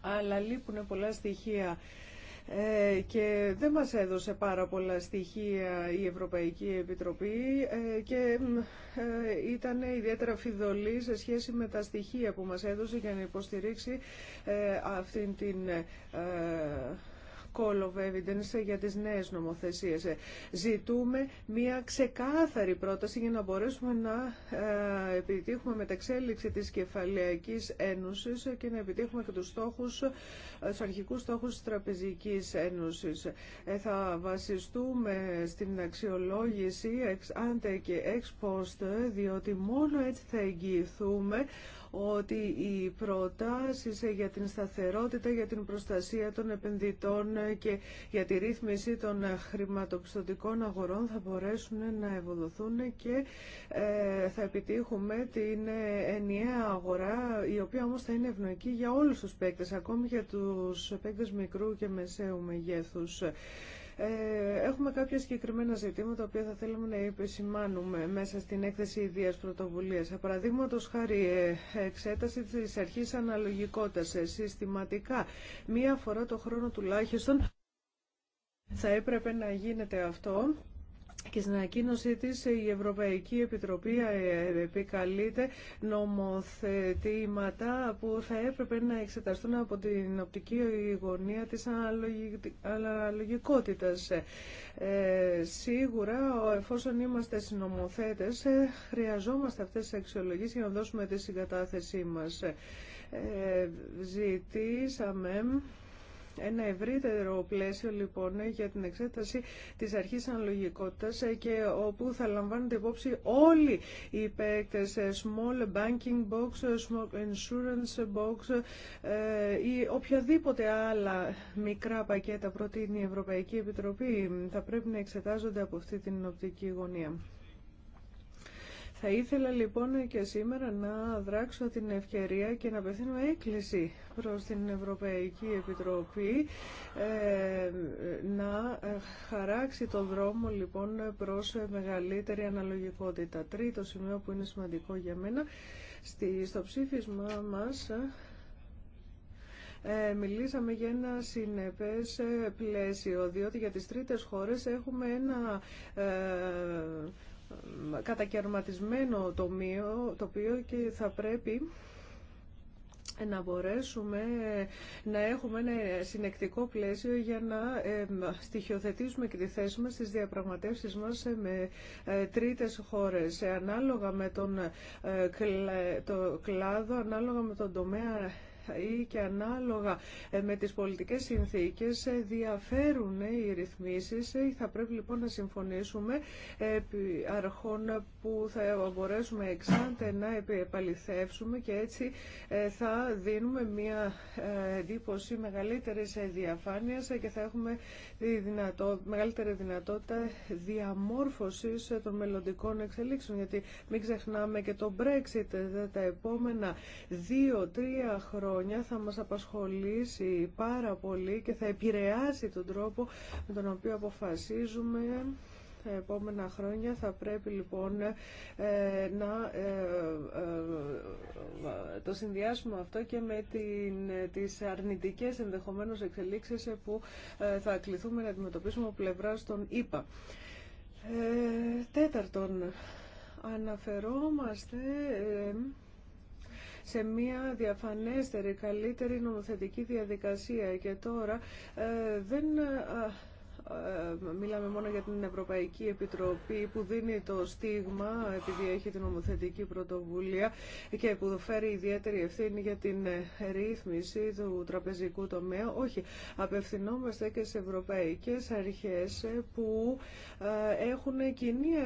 αλλά λείπουν πολλά στοιχεία ε, και δεν μας έδωσε πάρα πολλά στοιχεία η Ευρωπαϊκή Επιτροπή και ήταν ιδιαίτερα φιδωλή σε σχέση με τα στοιχεία που μας έδωσε για να υποστηρίξει αυτήν την για τις νέες νομοθεσίες. Ε, ζητούμε μια ξεκάθαρη πρόταση για να μπορέσουμε να ε, επιτύχουμε μεταξέλιξη της κεφαλαιακής ένωσης και να επιτύχουμε και τους, στόχους, ε, τους αρχικούς στόχους της Τραπεζικής Ένωσης. Θα βασιστούμε στην αξιολόγηση αντε και ex διότι μόνο έτσι θα εγγυηθούμε ότι οι προτάσεις για την σταθερότητα, για την προστασία των επενδυτών και για τη ρύθμιση των χρηματοπιστωτικών αγορών θα μπορέσουν να ευοδοθούν και ε, θα επιτύχουμε την ενιαία αγορά, η οποία όμως θα είναι ευνοϊκή για όλους τους παίκτες, ακόμη για τους παίκτες μικρού και μεσαίου μεγέθους. Ε, έχουμε κάποια συγκεκριμένα ζητήματα, οποία θα θέλουμε να επισημάνουμε μέσα στην έκθεση ιδίας πρωτοβουλίας. Παραδείγματος χάρη ε, εξέταση της αρχής αναλογικότητας ε, συστηματικά μία φορά το χρόνο τουλάχιστον θα έπρεπε να γίνεται αυτό και στην ανακοίνωσή τη, η Ευρωπαϊκή Επιτροπή επικαλείται νομοθετήματα που θα έπρεπε να εξεταστούν από την οπτική γωνία της αναλογικότητα. Ε, σίγουρα, εφόσον είμαστε συνομοθέτες, ε, χρειαζόμαστε αυτές τις αξιολογίες για να δώσουμε τη συγκατάθεσή μας. Ε, ζητήσαμε ένα ευρύτερο πλαίσιο λοιπόν για την εξέταση της αρχής αναλογικότητας και όπου θα λαμβάνονται υπόψη όλοι οι παίκτες small banking box, small insurance box ε, ή οποιαδήποτε άλλα μικρά πακέτα προτείνει η Ευρωπαϊκή Επιτροπή θα πρέπει να εξετάζονται από αυτή την οπτική γωνία. Θα ήθελα λοιπόν και σήμερα να δράξω την ευκαιρία και να απευθύνω έκκληση προς την Ευρωπαϊκή Επιτροπή ε, να χαράξει το δρόμο λοιπόν προς μεγαλύτερη αναλογικότητα. Τρίτο σημείο που είναι σημαντικό για μένα, στη, στο ψήφισμά μας ε, μιλήσαμε για ένα συνεπές ε, πλαίσιο, διότι για τις τρίτες χώρες έχουμε ένα... Ε, κατακαιρματισμένο τομείο, το οποίο και θα πρέπει να μπορέσουμε να έχουμε ένα συνεκτικό πλαίσιο για να στοιχειοθετήσουμε και τη θέση μας στις διαπραγματεύσεις μας με ε, τρίτες χώρες. Ανάλογα με τον ε, το κλάδο, ανάλογα με τον τομέα ή και ανάλογα ε, με τις πολιτικές συνθήκες ε, διαφέρουν οι ρυθμίσεις. Ε, θα πρέπει λοιπόν να συμφωνήσουμε επί αρχών που θα μπορέσουμε εξάντε να επαληθεύσουμε και έτσι θα δίνουμε μια εντύπωση μεγαλύτερης διαφάνειας και θα έχουμε δυνατό, μεγαλύτερη δυνατότητα διαμόρφωσης των μελλοντικών εξελίξεων γιατί μην ξεχνάμε και το Brexit τα επόμενα δύο-τρία χρόνια χρόνια θα μας απασχολήσει πάρα πολύ και θα επηρεάσει τον τρόπο με τον οποίο αποφασίζουμε τα επόμενα χρόνια θα πρέπει λοιπόν ε, να ε, ε, το συνδυάσουμε αυτό και με την, τις αρνητικές ενδεχομένως εξελίξεις που θα κληθούμε να αντιμετωπίσουμε από πλευράς των ΙΠΑ. τέταρτον, αναφερόμαστε σε μια διαφανέστερη, καλύτερη νομοθετική διαδικασία. Και τώρα ε, δεν ε, ε, μιλάμε μόνο για την Ευρωπαϊκή Επιτροπή που δίνει το στίγμα επειδή έχει την νομοθετική πρωτοβουλία και που φέρει ιδιαίτερη ευθύνη για την ρύθμιση του τραπεζικού τομέα. Όχι, απευθυνόμαστε και σε ευρωπαϊκές αρχές που ε, έχουν κοινή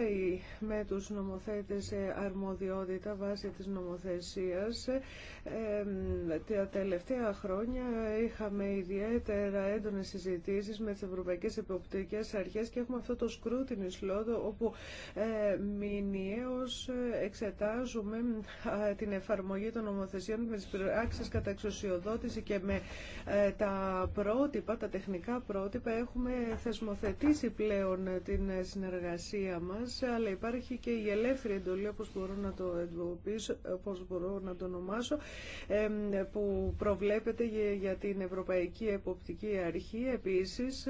με τους νομοθέτες αρμοδιότητα βάσει της νομοθεσίας. Ε, τα τελευταία χρόνια είχαμε ιδιαίτερα έντονες συζητήσεις με τις ευρωπαϊκές αρχές και έχουμε αυτό το σκρούτινι σλόδο όπου ε, ε εξετάζουμε την εφαρμογή των νομοθεσιών με τις πράξεις κατά εξουσιοδότηση και με ε, τα πρότυπα, τα τεχνικά πρότυπα έχουμε θεσμοθετήσει πλέον την συνεργασία μας αλλά υπάρχει και η ελεύθερη εντολή όπως μπορώ να το εντοπίσω, όπως μπορώ να το ονομάσω που προβλέπεται για την Ευρωπαϊκή Εποπτική Αρχή επίσης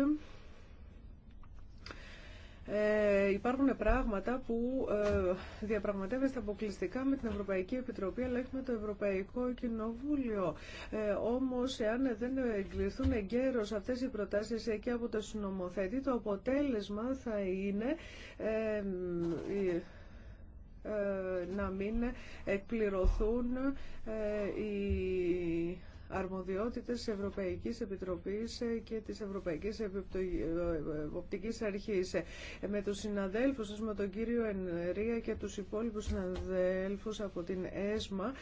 ε, υπάρχουν πράγματα που ε, διαπραγματεύεστε αποκλειστικά με την Ευρωπαϊκή Επιτροπή αλλά και με το Ευρωπαϊκό Κοινοβούλιο. Ε, όμως, εάν δεν εγκληθούν εγκαίρως αυτές οι προτάσεις ε, και από το συνομοθέτη, το αποτέλεσμα θα είναι... Ε, ε, να μην εκπληρωθούν οι αρμοδιότητες Ευρωπαϊκής Επιτροπής και της Ευρωπαϊκής Οπτικής Αρχής. Με τους συναδέλφους σας, με τον κύριο Ενρία και τους υπόλοιπους συναδέλφους από την ΕΣΜΑ,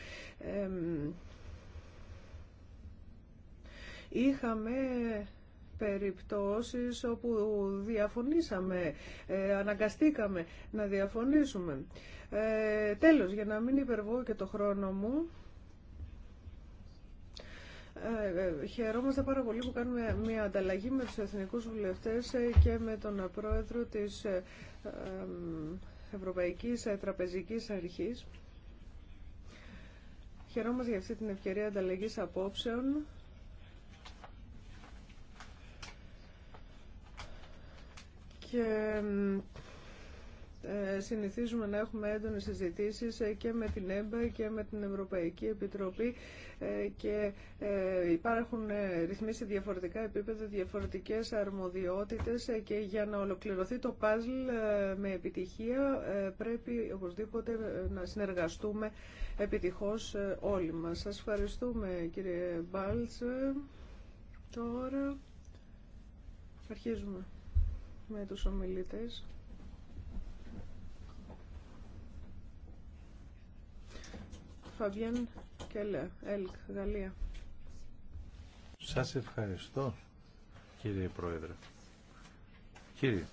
είχαμε περιπτώσεις όπου διαφωνήσαμε, ε, αναγκαστήκαμε να διαφωνήσουμε. Ε, τέλος, για να μην υπερβώ και το χρόνο μου, ε, ε, χαιρόμαστε πάρα πολύ που κάνουμε μια ανταλλαγή με τους εθνικούς βουλευτές ε, και με τον πρόεδρο της Ευρωπαϊκής Τραπεζικής Αρχής. Χαιρόμαστε για αυτή την ευκαιρία ανταλλαγής απόψεων. Και ε, συνηθίζουμε να έχουμε έντονες συζητήσεις ε, και με την ΕΜΠΑ και με την Ευρωπαϊκή Επιτροπή ε, και υπάρχουν ρυθμίσει διαφορετικά επίπεδα, διαφορετικές αρμοδιότητες και για να ολοκληρωθεί το παζλ με επιτυχία πρέπει οπωσδήποτε να συνεργαστούμε επιτυχώς όλοι μας. Σας ευχαριστούμε κύριε Μπάλτς. Τώρα αρχίζουμε με τους ομιλητές. Φαβιέν Γαλλία. Σας ευχαριστώ, κύριε Πρόεδρε. Κύριε,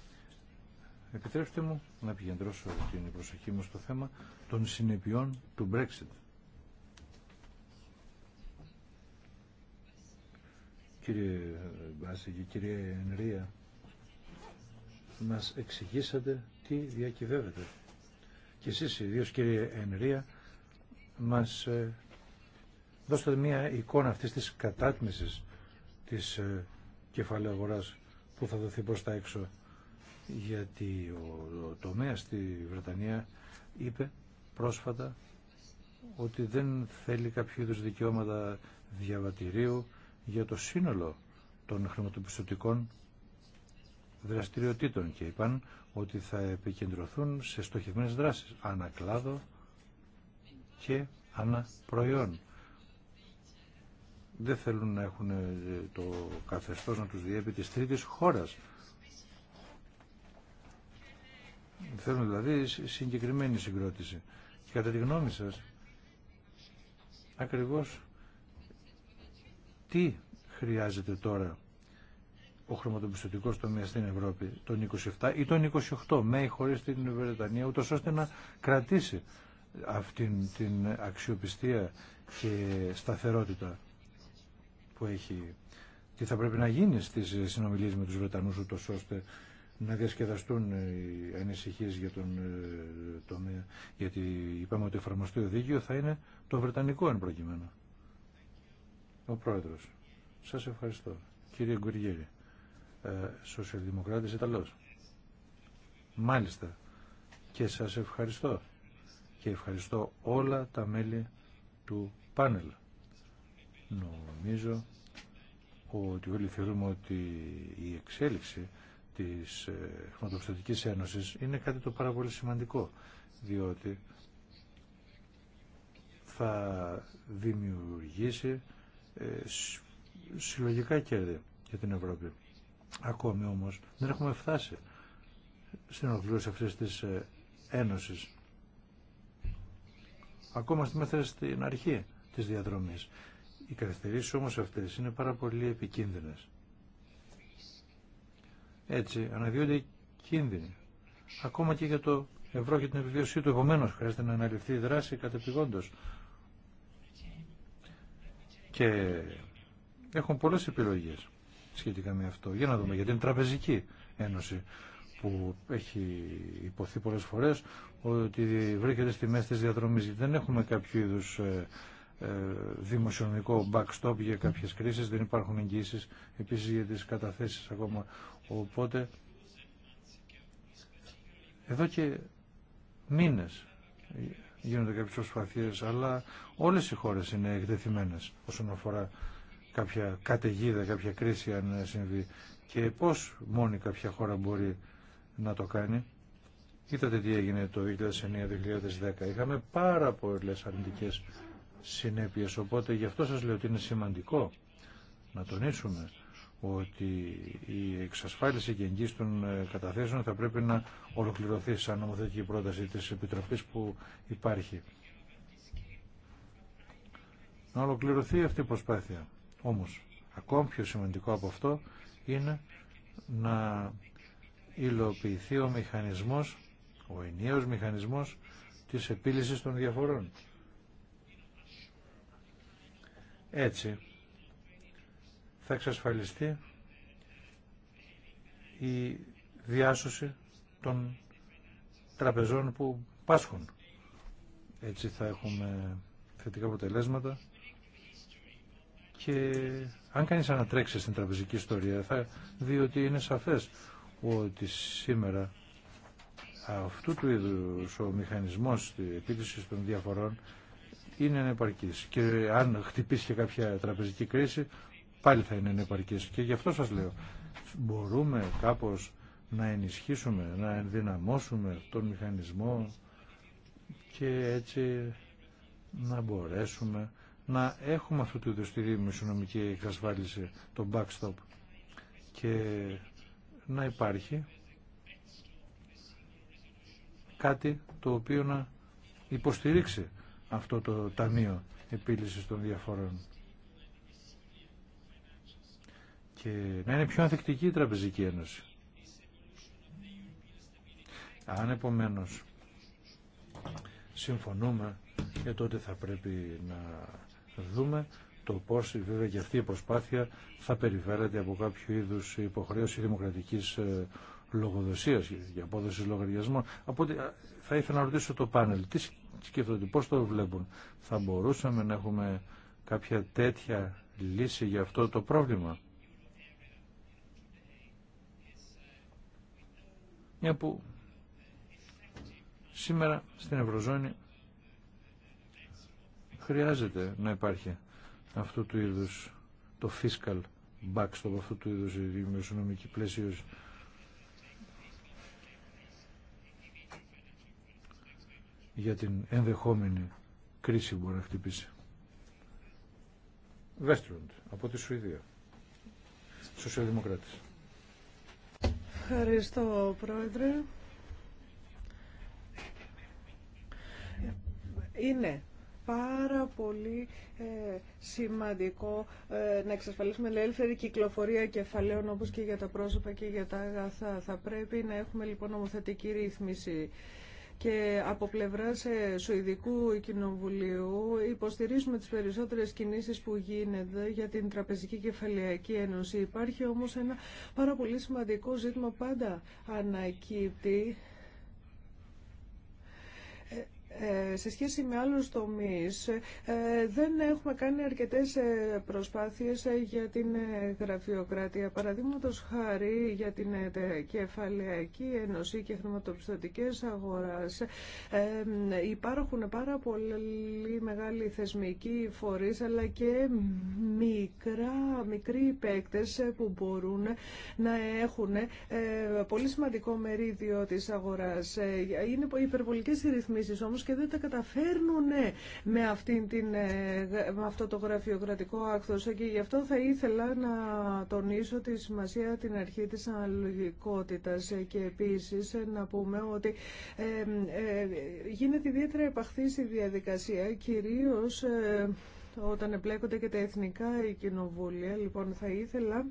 επιτρέψτε μου να επικεντρώσω την προσοχή μου στο θέμα των συνεπειών του Brexit. Κύριε Μπάση κύριε Ενρία, μας εξηγήσατε τι διακυβεύεται. Και εσείς ιδίως κύριε Ενρία μας ε, δώσετε μια εικόνα αυτής της κατάτμισης της ε, κεφαλαίου αγοράς που θα δοθεί προς τα έξω γιατί ο τομέας στη Βρετανία είπε πρόσφατα ότι δεν θέλει κάποιο είδους δικαιώματα διαβατηρίου για το σύνολο των χρηματοπιστωτικών δραστηριοτήτων και είπαν ότι θα επικεντρωθούν σε στοχευμένες δράσεις ανακλάδο και αναπροϊόν. Δεν θέλουν να έχουν ε, το καθεστώς να τους διέπει της τρίτης χώρας. Θέλουν δηλαδή συγκεκριμένη συγκρότηση. Και κατά τη γνώμη σας, ακριβώς τι χρειάζεται τώρα ο χρηματοπιστωτικός τομέας στην Ευρώπη τον 27 ή τον 28 με ή χωρίς την Βρετανία, ούτως ώστε να κρατήσει αυτήν την αξιοπιστία και σταθερότητα που έχει τι θα πρέπει να γίνει στις συνομιλίες με τους Βρετανούς ούτως ώστε να διασκεδαστούν οι ανησυχίες για τον ε, τομέα γιατί είπαμε ότι εφαρμοστεί ο θα είναι το Βρετανικό εν προκειμένου. Ο Πρόεδρος. Σας ευχαριστώ. Κύριε Γκουργέρη. Ε, σοσιαλδημοκράτης Ιταλός. Μάλιστα. Και σας ευχαριστώ και ευχαριστώ όλα τα μέλη του πάνελ. Νομίζω ότι όλοι θεωρούμε ότι η εξέλιξη της ε, Χρηματοπιστωτικής Ένωσης είναι κάτι το πάρα πολύ σημαντικό, διότι θα δημιουργήσει ε, συλλογικά κέρδη για την Ευρώπη. Ακόμη όμως δεν έχουμε φτάσει στην ολοκλήρωση αυτής της ε, ένωσης. Ακόμα στη είμαστε στην αρχή της διαδρομής. Οι καθυστερήσεις όμως αυτές είναι πάρα πολύ επικίνδυνες. Έτσι, αναδύονται κίνδυνοι. Ακόμα και για το ευρώ και την επιβίωσή του. Επομένω, χρειάζεται να αναλυθεί η δράση κατεπηγόντως. Και έχουν πολλές επιλογές σχετικά με αυτό. Για να δούμε για την Τραπεζική Ένωση που έχει υποθεί πολλές φορές ότι βρίσκεται στη μέση της διαδρομής. Δεν έχουμε κάποιο είδους ε, ε, δημοσιονομικό backstop για κάποιες κρίσεις, δεν υπάρχουν εγγύσεις επίσης για τις καταθέσεις ακόμα. Οπότε εδώ και μήνες γίνονται κάποιες προσπαθίες, αλλά όλες οι χώρες είναι εκτεθειμένες όσον αφορά κάποια καταιγίδα, κάποια κρίση αν συμβεί και πώς μόνη κάποια χώρα μπορεί να το κάνει. Είδατε τι έγινε το 2009-2010. Είχαμε πάρα πολλέ αρνητικέ συνέπειε. οπότε γι' αυτό σας λέω ότι είναι σημαντικό να τονίσουμε ότι η εξασφάλιση και εγγύηση των ε, καταθέσεων θα πρέπει να ολοκληρωθεί σαν νομοθετική πρόταση της Επιτροπής που υπάρχει. Να ολοκληρωθεί αυτή η προσπάθεια. Όμω, ακόμη πιο σημαντικό από αυτό είναι να υλοποιηθεί ο μηχανισμός, ο ενιαίος μηχανισμός της επίλυσης των διαφορών. Έτσι θα εξασφαλιστεί η διάσωση των τραπεζών που πάσχουν. Έτσι θα έχουμε θετικά αποτελέσματα και αν κανείς ανατρέξει στην τραπεζική ιστορία θα δει ότι είναι σαφές ότι σήμερα αυτού του είδους ο μηχανισμός της επίλυσης των διαφορών είναι ανεπαρκής και αν χτυπήσει και κάποια τραπεζική κρίση πάλι θα είναι ανεπαρκής και γι' αυτό σας λέω μπορούμε κάπως να ενισχύσουμε, να ενδυναμώσουμε τον μηχανισμό και έτσι να μπορέσουμε να έχουμε αυτού του είδους τη δημοσιονομική εξασφάλιση, τον backstop και να υπάρχει κάτι το οποίο να υποστηρίξει αυτό το Ταμείο Επίλυσης των Διαφορών. Και να είναι πιο ανθεκτική η Τραπεζική Ένωση. Αν επομένως συμφωνούμε και ε, τότε θα πρέπει να δούμε το πώς βέβαια και αυτή η προσπάθεια θα περιφέρεται από κάποιο είδους υποχρέωση δημοκρατικής ε, λογοδοσίας για απόδοση λογαριασμών. Οπότε θα ήθελα να ρωτήσω το πάνελ, τι σκέφτονται, πώς το βλέπουν. Θα μπορούσαμε να έχουμε κάποια τέτοια λύση για αυτό το πρόβλημα. Μια που σήμερα στην Ευρωζώνη χρειάζεται να υπάρχει αυτού του είδους το fiscal backstop, αυτού του είδους η δημοσιονομική πλαίσιο για την ενδεχόμενη κρίση που μπορεί να χτυπήσει. Βέστρουντ, από τη Σουηδία. Σοσιαλδημοκράτης. Ευχαριστώ, Πρόεδρε. Είναι πάρα πολύ ε, σημαντικό ε, να εξασφαλίσουμε ελεύθερη κυκλοφορία κεφαλαίων όπως και για τα πρόσωπα και για τα αγαθά. Θα πρέπει να έχουμε λοιπόν νομοθετική ρύθμιση και από πλευρά ε, Σουηδικού Κοινοβουλίου υποστηρίζουμε τις περισσότερες κινήσεις που γίνεται για την Τραπεζική Κεφαλαιακή Ένωση. Υπάρχει όμως ένα πάρα πολύ σημαντικό ζήτημα πάντα ανακύπτει ε, σε σχέση με άλλους τομείς ε, δεν έχουμε κάνει αρκετές ε, προσπάθειες για την γραφειοκρατία. Παραδείγματο χάρη για την κεφαλαιακή ένωση και χρηματοπιστωτικές αγοράς υπάρχουν πάρα πολύ μεγάλοι θεσμικοί φορείς αλλά και μικρά, μικροί παίκτες που μπορούν να έχουν πολύ σημαντικό μερίδιο της αγοράς. Είναι υπερβολικές οι ρυθμίσεις όμως και δεν τα καταφέρνουν με, αυτήν την, ε, με αυτό το γραφειοκρατικό άκτο. Ε, και γι' αυτό θα ήθελα να τονίσω τη σημασία την αρχή της αναλογικότητας ε, και επίσης να πούμε ότι γίνεται ιδιαίτερα επαχθή η διαδικασία κυρίως όταν εμπλέκονται και τα εθνικά κοινοβούλια. Λοιπόν, θα ήθελα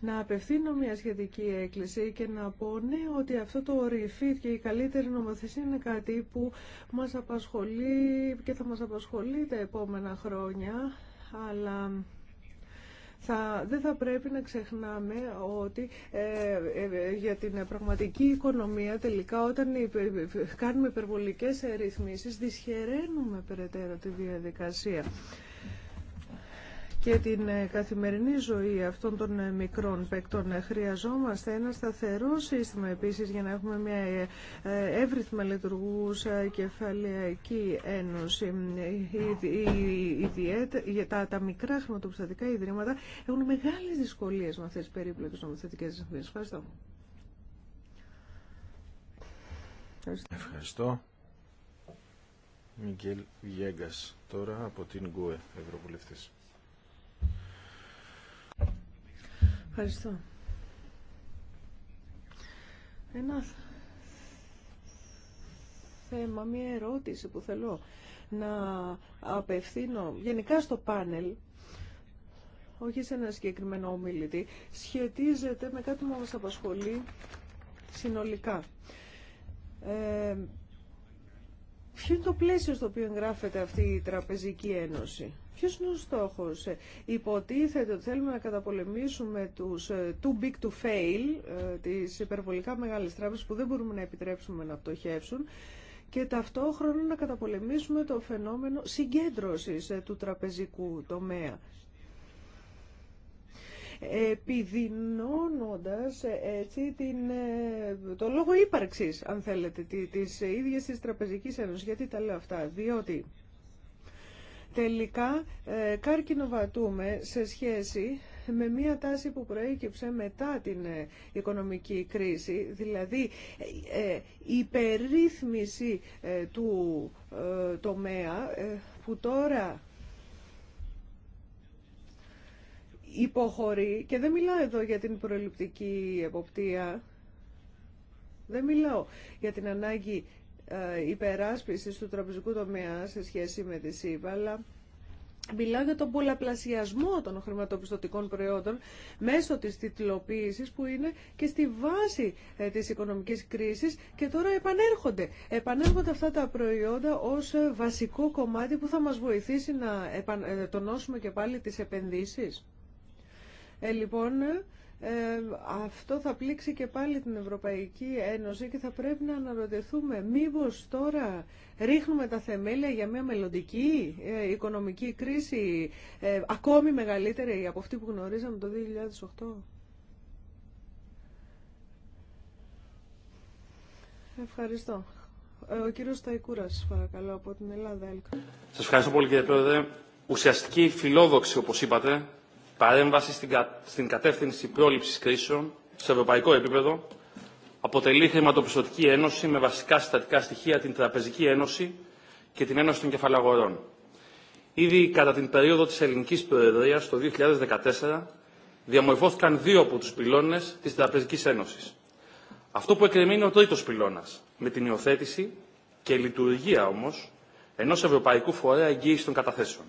να απευθύνω μια σχετική έκκληση και να πω ναι ότι αυτό το ορυφίτ και η καλύτερη νομοθεσία είναι κάτι που μας απασχολεί και θα μας απασχολεί τα επόμενα χρόνια, αλλά θα, δεν θα πρέπει να ξεχνάμε ότι ε, ε, για την πραγματική οικονομία τελικά όταν ε, κάνουμε υπερβολικές ρυθμίσεις δυσχεραίνουμε περαιτέρω τη διαδικασία και την ε, καθημερινή ζωή αυτών των ε, μικρών παικτών. Ε, χρειαζόμαστε ένα σταθερό σύστημα επίσης για να έχουμε μια εύρυθμα λειτουργούσα κεφαλαιακή ένωση. Για τα, μικρά χρηματοπιστωτικά ιδρύματα έχουν μεγάλες δυσκολίες με αυτές τις περίπλοκες νομοθετικές συμφωνίες. Ευχαριστώ. Ευχαριστώ. Μικέλ Βιέγκας, τώρα από την ΚΟΕ, Ευρωβουλευτής. Ευχαριστώ. Ένα θέμα, μία ερώτηση που θέλω να απευθύνω γενικά στο πάνελ, όχι σε ένα συγκεκριμένο ομιλητή, σχετίζεται με κάτι που μας απασχολεί συνολικά. Ε, ποιο είναι το πλαίσιο στο οποίο εγγράφεται αυτή η Τραπεζική Ένωση. Ποιος είναι ο στόχος. Ε, υποτίθεται ότι θέλουμε να καταπολεμήσουμε τους ε, too big to fail, ε, τις υπερβολικά μεγάλες τράπεζες που δεν μπορούμε να επιτρέψουμε να πτωχεύσουν και ταυτόχρονα να καταπολεμήσουμε το φαινόμενο συγκέντρωσης του τραπεζικού τομέα επιδεινώνοντας την, το λόγο ύπαρξης, αν θέλετε, της ίδιας της Τραπεζικής Γιατί τα λέω αυτά, διότι Τελικά ε, καρκινοβατούμε σε σχέση με μια τάση που προέκυψε μετά την ε, οικονομική κρίση, δηλαδή η ε, υπερρύθμιση του τομέα που τώρα υποχωρεί και δεν μιλάω εδώ για την προληπτική εποπτεία, δεν μιλάω για την ανάγκη ε, υπεράσπισης του τραπεζικού τομέα σε σχέση με τη ΣΥΠΑ, αλλά μιλάω για τον πολλαπλασιασμό των χρηματοπιστωτικών προϊόντων μέσω της τιτλοποίησης που είναι και στη βάση ε, της οικονομικής κρίσης και τώρα επανέρχονται. Επανέρχονται αυτά τα προϊόντα ως ε, βασικό κομμάτι που θα μας βοηθήσει να τονώσουμε και πάλι τις επενδύσεις. Ε, λοιπόν, ε, αυτό θα πλήξει και πάλι την Ευρωπαϊκή Ένωση και θα πρέπει να αναρωτηθούμε μήπως τώρα ρίχνουμε τα θεμέλια για μια μελλοντική ε, οικονομική κρίση ε, ακόμη μεγαλύτερη από αυτή που γνωρίζαμε το 2008. Ευχαριστώ. Ο κύριος Σταϊκούρας, παρακαλώ, από την Ελλάδα. Σας ευχαριστώ πολύ κύριε Πρόεδρε. Ουσιαστική, φιλόδοξη, όπως είπατε, παρέμβαση στην κατεύθυνση πρόληψης κρίσεων σε ευρωπαϊκό επίπεδο αποτελεί χρηματοπιστωτική ένωση με βασικά συστατικά στοιχεία την Τραπεζική Ένωση και την Ένωση των Κεφαλαγορών. Ήδη κατά την περίοδο της ελληνικής προεδρίας, το 2014, διαμορφώθηκαν δύο από τους πυλώνες της Τραπεζικής Ένωσης. Αυτό που εκκρεμεί είναι ο τρίτος πυλώνας, με την υιοθέτηση και λειτουργία όμως ενός Ευρωπαϊκού Φορέα Εγγύησης των Καταθέσεων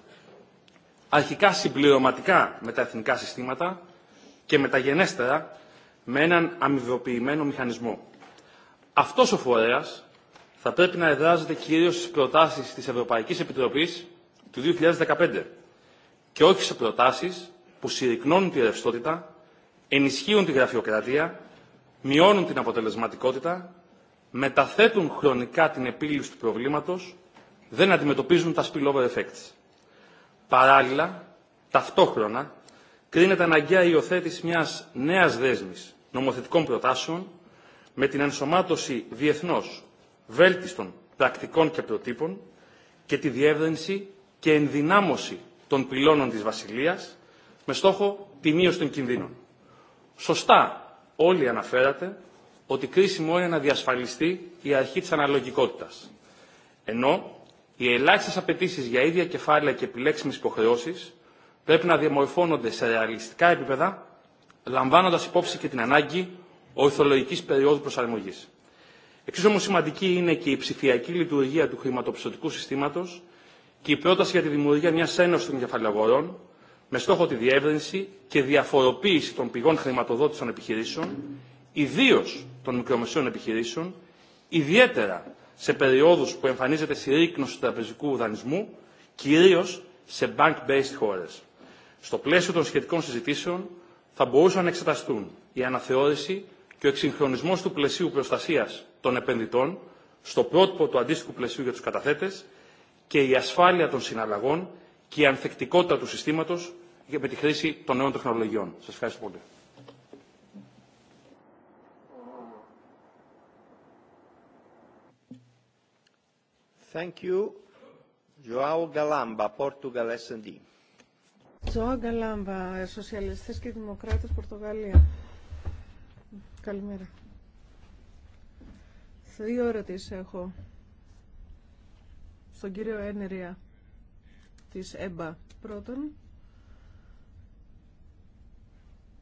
αρχικά συμπληρωματικά με τα εθνικά συστήματα και μεταγενέστερα με έναν αμοιβοποιημένο μηχανισμό. Αυτός ο φορέας θα πρέπει να εδράζεται κυρίως στις προτάσεις της Ευρωπαϊκής Επιτροπής του 2015 και όχι σε προτάσεις που συρρυκνώνουν τη ρευστότητα, ενισχύουν τη γραφειοκρατία, μειώνουν την αποτελεσματικότητα, μεταθέτουν χρονικά την επίλυση του προβλήματος, δεν αντιμετωπίζουν τα spillover effects. Παράλληλα, ταυτόχρονα, κρίνεται αναγκαία η υιοθέτηση μιας νέας δέσμης νομοθετικών προτάσεων με την ενσωμάτωση διεθνώς βέλτιστων πρακτικών και προτύπων και τη διεύρυνση και ενδυνάμωση των πυλώνων της Βασιλείας με στόχο τη μείωση των κινδύνων. Σωστά όλοι αναφέρατε ότι κρίσιμο είναι να διασφαλιστεί η αρχή της αναλογικότητας. Ενώ οι ελάχιστε απαιτήσει για ίδια κεφάλαια και επιλέξιμε υποχρεώσει πρέπει να διαμορφώνονται σε ρεαλιστικά επίπεδα, λαμβάνοντα υπόψη και την ανάγκη ορθολογική περίοδου προσαρμογή. Εξίσου όμω σημαντική είναι και η ψηφιακή λειτουργία του χρηματοπιστωτικού συστήματο και η πρόταση για τη δημιουργία μια ένωση των κεφαλαιογορών με στόχο τη διεύρυνση και διαφοροποίηση των πηγών χρηματοδότηση των επιχειρήσεων, ιδίω των μικρομεσαίων επιχειρήσεων, ιδιαίτερα σε περιόδους που εμφανίζεται συρρήκνωση του τραπεζικού δανεισμού, κυρίως σε bank-based χώρες. Στο πλαίσιο των σχετικών συζητήσεων θα μπορούσαν να εξεταστούν η αναθεώρηση και ο εξυγχρονισμός του πλαισίου προστασίας των επενδυτών στο πρότυπο του αντίστοιχου πλαισίου για τους καταθέτες και η ασφάλεια των συναλλαγών και η ανθεκτικότητα του συστήματος με τη χρήση των νέων τεχνολογιών. Σας ευχαριστώ πολύ. Thank you. João Galamba, Portugal S&D. Ζωά Γκαλάμπα, Σοσιαλιστές και Δημοκράτες, Πορτογαλία. Καλημέρα. Δύο ερωτήσεις έχω στον κύριο Ένερια της ΕΜΠΑ. Πρώτον,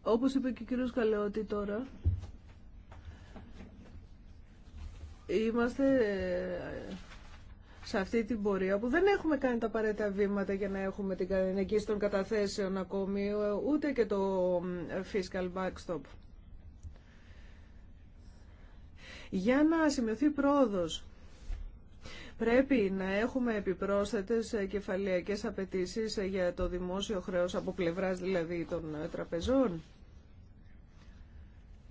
όπως είπε και ο κύριος Καλαιώτη τώρα, είμαστε σε αυτή την πορεία που δεν έχουμε κάνει τα απαραίτητα βήματα για να έχουμε την εγγύηση των καταθέσεων ακόμη, ε, ούτε και το fiscal backstop. Για να σημειωθεί πρόοδος Πρέπει να έχουμε επιπρόσθετες ε, κεφαλαιακές απαιτήσεις ε, για το δημόσιο χρέος από πλευράς δηλαδή των τραπεζών.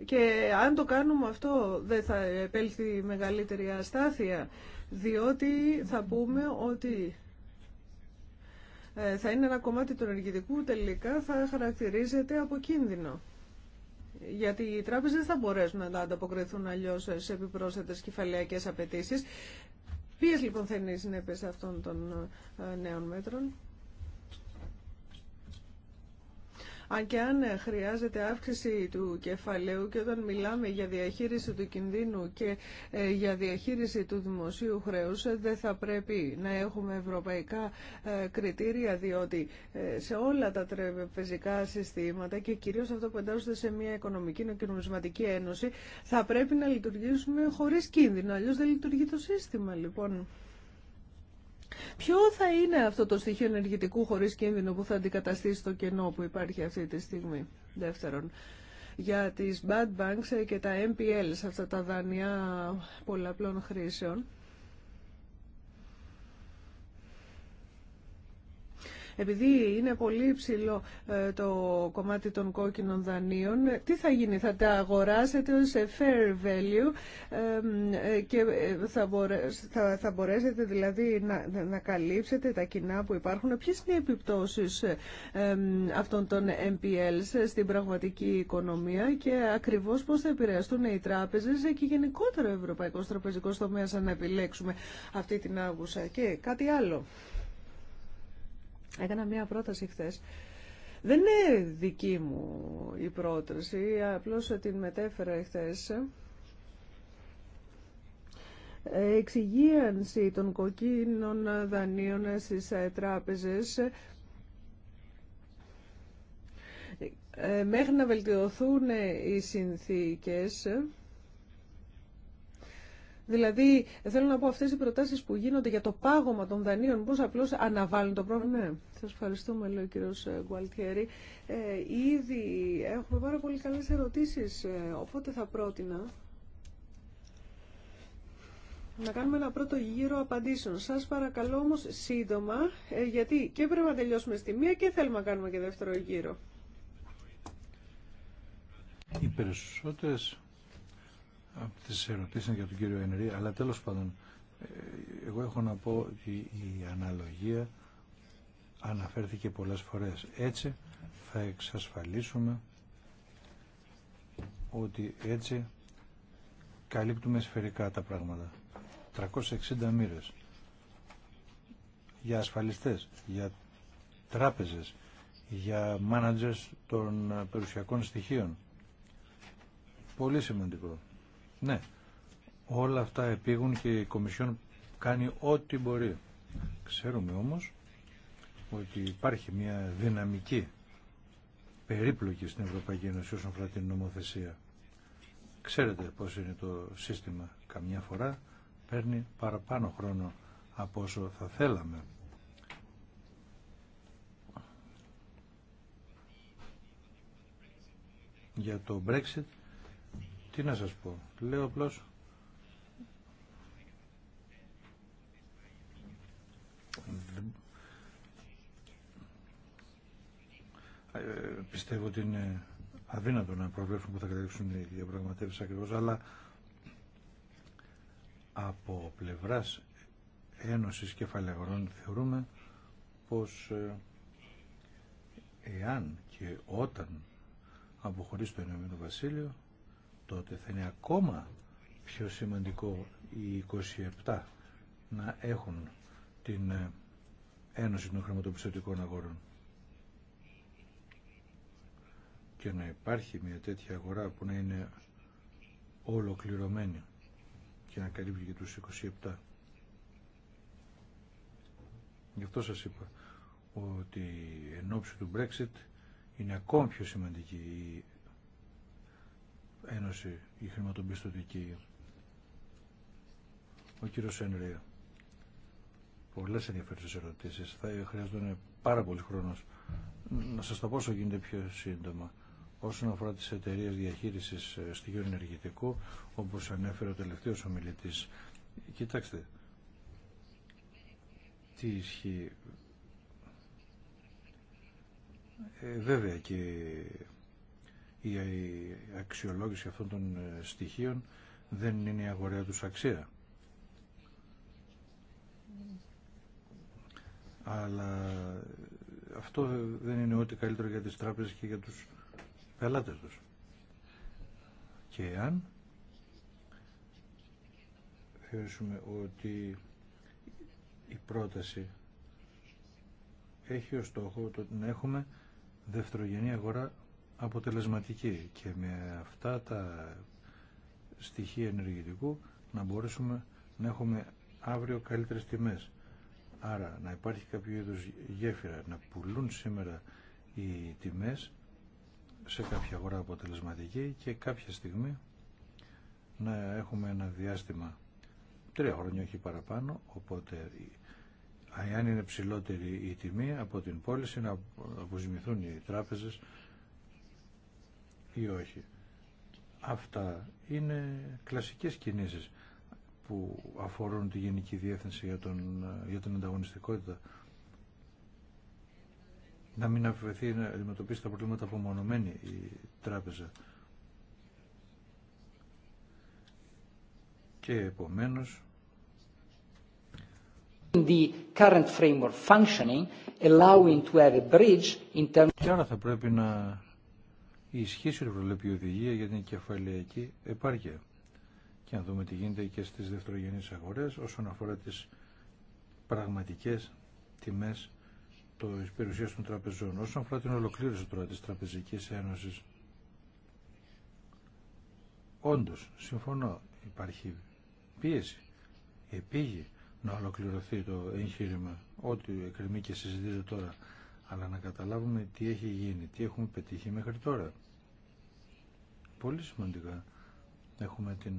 Και αν το κάνουμε αυτό δεν θα επέλθει μεγαλύτερη αστάθεια διότι θα πούμε ότι ε, θα είναι ένα κομμάτι του ενεργητικού που τελικά θα χαρακτηρίζεται από κίνδυνο. Γιατί οι τράπεζες δεν θα μπορέσουν να ανταποκριθούν αλλιώς σε επιπρόσθετες κεφαλαιακές απαιτήσεις. Ποιες λοιπόν θα είναι οι συνέπειες αυτών των ε, νέων μέτρων. Αν και αν χρειάζεται αύξηση του κεφαλαίου και όταν μιλάμε για διαχείριση του κινδύνου και ε, για διαχείριση του δημοσίου χρέους, ε, δεν θα πρέπει να έχουμε ευρωπαϊκά ε, κριτήρια, διότι σε όλα τα φυσικά συστήματα και κυρίως αυτό που εντάσσεται σε μια οικονομική και νομισματική ένωση, θα πρέπει να λειτουργήσουμε χωρίς κίνδυνο. Αλλιώς δεν λειτουργεί το σύστημα, λοιπόν. Ποιο θα είναι αυτό το στοιχείο ενεργητικού χωρίς κίνδυνο που θα αντικαταστήσει το κενό που υπάρχει αυτή τη στιγμή. Δεύτερον, για τις bad banks και τα MPL, αυτά τα δανειά πολλαπλών χρήσεων. Επειδή είναι πολύ υψηλό ε, το κομμάτι των κόκκινων δανείων, τι θα γίνει, θα τα αγοράσετε σε fair value ε, και ε, θα μπορέσετε δηλαδή να καλύψετε τα κοινά που υπάρχουν. Ποιες είναι οι επιπτώσεις αυτών των MPL στην πραγματική οικονομία και ακριβώς πώς θα επηρεαστούν οι τράπεζες και γενικότερα ο ευρωπαϊκός τραπεζικός τομέας αν επιλέξουμε αυτή την άγουσα. Και κάτι άλλο. Έκανα μία πρόταση χθε. Δεν είναι δική μου η πρόταση, απλώς την μετέφερα χθε. Εξυγίανση των κοκκίνων δανείων στις ε, τράπεζες ε, μέχρι να βελτιωθούν οι συνθήκες Δηλαδή, θέλω να πω αυτές οι προτάσεις που γίνονται για το πάγωμα των δανείων, πώ απλώ αναβάλουν το πρόβλημα. Ναι, σας ευχαριστούμε, λέει ο κύριο ε, Γκουαλτιέρη. Ε, ήδη έχουμε πάρα πολύ καλές ερωτήσεις, ε, οπότε θα πρότεινα να κάνουμε ένα πρώτο γύρο απαντήσεων. Σας παρακαλώ όμω σύντομα, γιατί και πρέπει να τελειώσουμε στη μία και θέλουμε να κάνουμε και δεύτερο γύρο. Οι από τις ερωτήσεις για τον κύριο Ενρή, αλλά τέλος πάντων, ε, εγώ έχω να πω ότι η αναλογία αναφέρθηκε πολλές φορές. Έτσι θα εξασφαλίσουμε ότι έτσι καλύπτουμε σφαιρικά τα πράγματα. 360 μοίρες για ασφαλιστές, για τράπεζες, για μάνατζες των περιουσιακών στοιχείων. Πολύ σημαντικό. Ναι, όλα αυτά επήγουν και η Κομισιόν κάνει ό,τι μπορεί. Ξέρουμε όμως ότι υπάρχει μια δυναμική περίπλοκη στην Ευρωπαϊκή Ένωση όσον αφορά την νομοθεσία. Ξέρετε πώς είναι το σύστημα. Καμιά φορά παίρνει παραπάνω χρόνο από όσο θα θέλαμε. Για το Brexit τι να σας πω. Λέω απλώς ε, πιστεύω ότι είναι αδύνατο να προβλέψουμε που θα καταλήξουν οι διαπραγματεύσει ακριβώ, αλλά από πλευρά Ένωση Κεφαλαίων θεωρούμε πω ε, εάν και όταν αποχωρήσει το Ηνωμένο Βασίλειο τότε θα είναι ακόμα πιο σημαντικό οι 27 να έχουν την ε, Ένωση των Χρηματοπιστωτικών Αγορών. Και να υπάρχει μια τέτοια αγορά που να είναι ολοκληρωμένη και να καλύπτει και τους 27. Γι' αυτό σας είπα ότι εν ώψη του Brexit είναι ακόμα πιο σημαντική η Ένωση η χρηματοπιστωτική. Ο κύριος Ενρία. Πολλές ενδιαφέρουσες ερωτήσεις. Θα χρειαζόταν πάρα πολύ χρόνος. Να σας τα πω γίνεται πιο σύντομα. Όσον αφορά τις εταιρείες διαχείρισης ε, στοιχείων ενεργητικού, όπως ανέφερε ο τελευταίος ομιλητής, κοιτάξτε, τι ισχύει. Ε, βέβαια και η αξιολόγηση αυτών των ε, στοιχείων δεν είναι η αγοραία τους αξία. Αλλά αυτό δεν είναι ό,τι καλύτερο για τις τράπεζες και για τους πελάτες τους. Και αν θεωρήσουμε ότι η πρόταση έχει ως στόχο το να έχουμε δευτερογενή αγορά αποτελεσματική και με αυτά τα στοιχεία ενεργητικού να μπορέσουμε να έχουμε αύριο καλύτερες τιμές. Άρα να υπάρχει κάποιο είδους γέφυρα, να πουλούν σήμερα οι τιμές σε κάποια αγορά αποτελεσματική και κάποια στιγμή να έχουμε ένα διάστημα τρία χρόνια όχι παραπάνω, οπότε αν είναι ψηλότερη η τιμή από την πώληση να αποζημιθούν οι τράπεζες ή όχι. Αυτά είναι κλασικές κινήσεις που αφορούν τη Γενική Διεύθυνση για, τον, για την ανταγωνιστικότητα. Να μην αφαιρεθεί να αντιμετωπίσει τα προβλήματα απομονωμένη η τράπεζα. Και επομένως... The current framework functioning, allowing Και άρα θα πρέπει να η ισχύση του προβλέπει οδηγία για την κεφαλαιακή επάρκεια. Και να δούμε τι γίνεται και στις δευτερογενείς αγορές όσον αφορά τις πραγματικές τιμές το περιουσία των τραπεζών. Όσον αφορά την ολοκλήρωση τώρα της Τραπεζικής Ένωσης, όντως, συμφωνώ, υπάρχει πίεση, επίγει να ολοκληρωθεί το εγχείρημα, ό,τι εκκρεμεί και συζητείται τώρα αλλά να καταλάβουμε τι έχει γίνει, τι έχουμε πετύχει μέχρι τώρα. Πολύ σημαντικά έχουμε την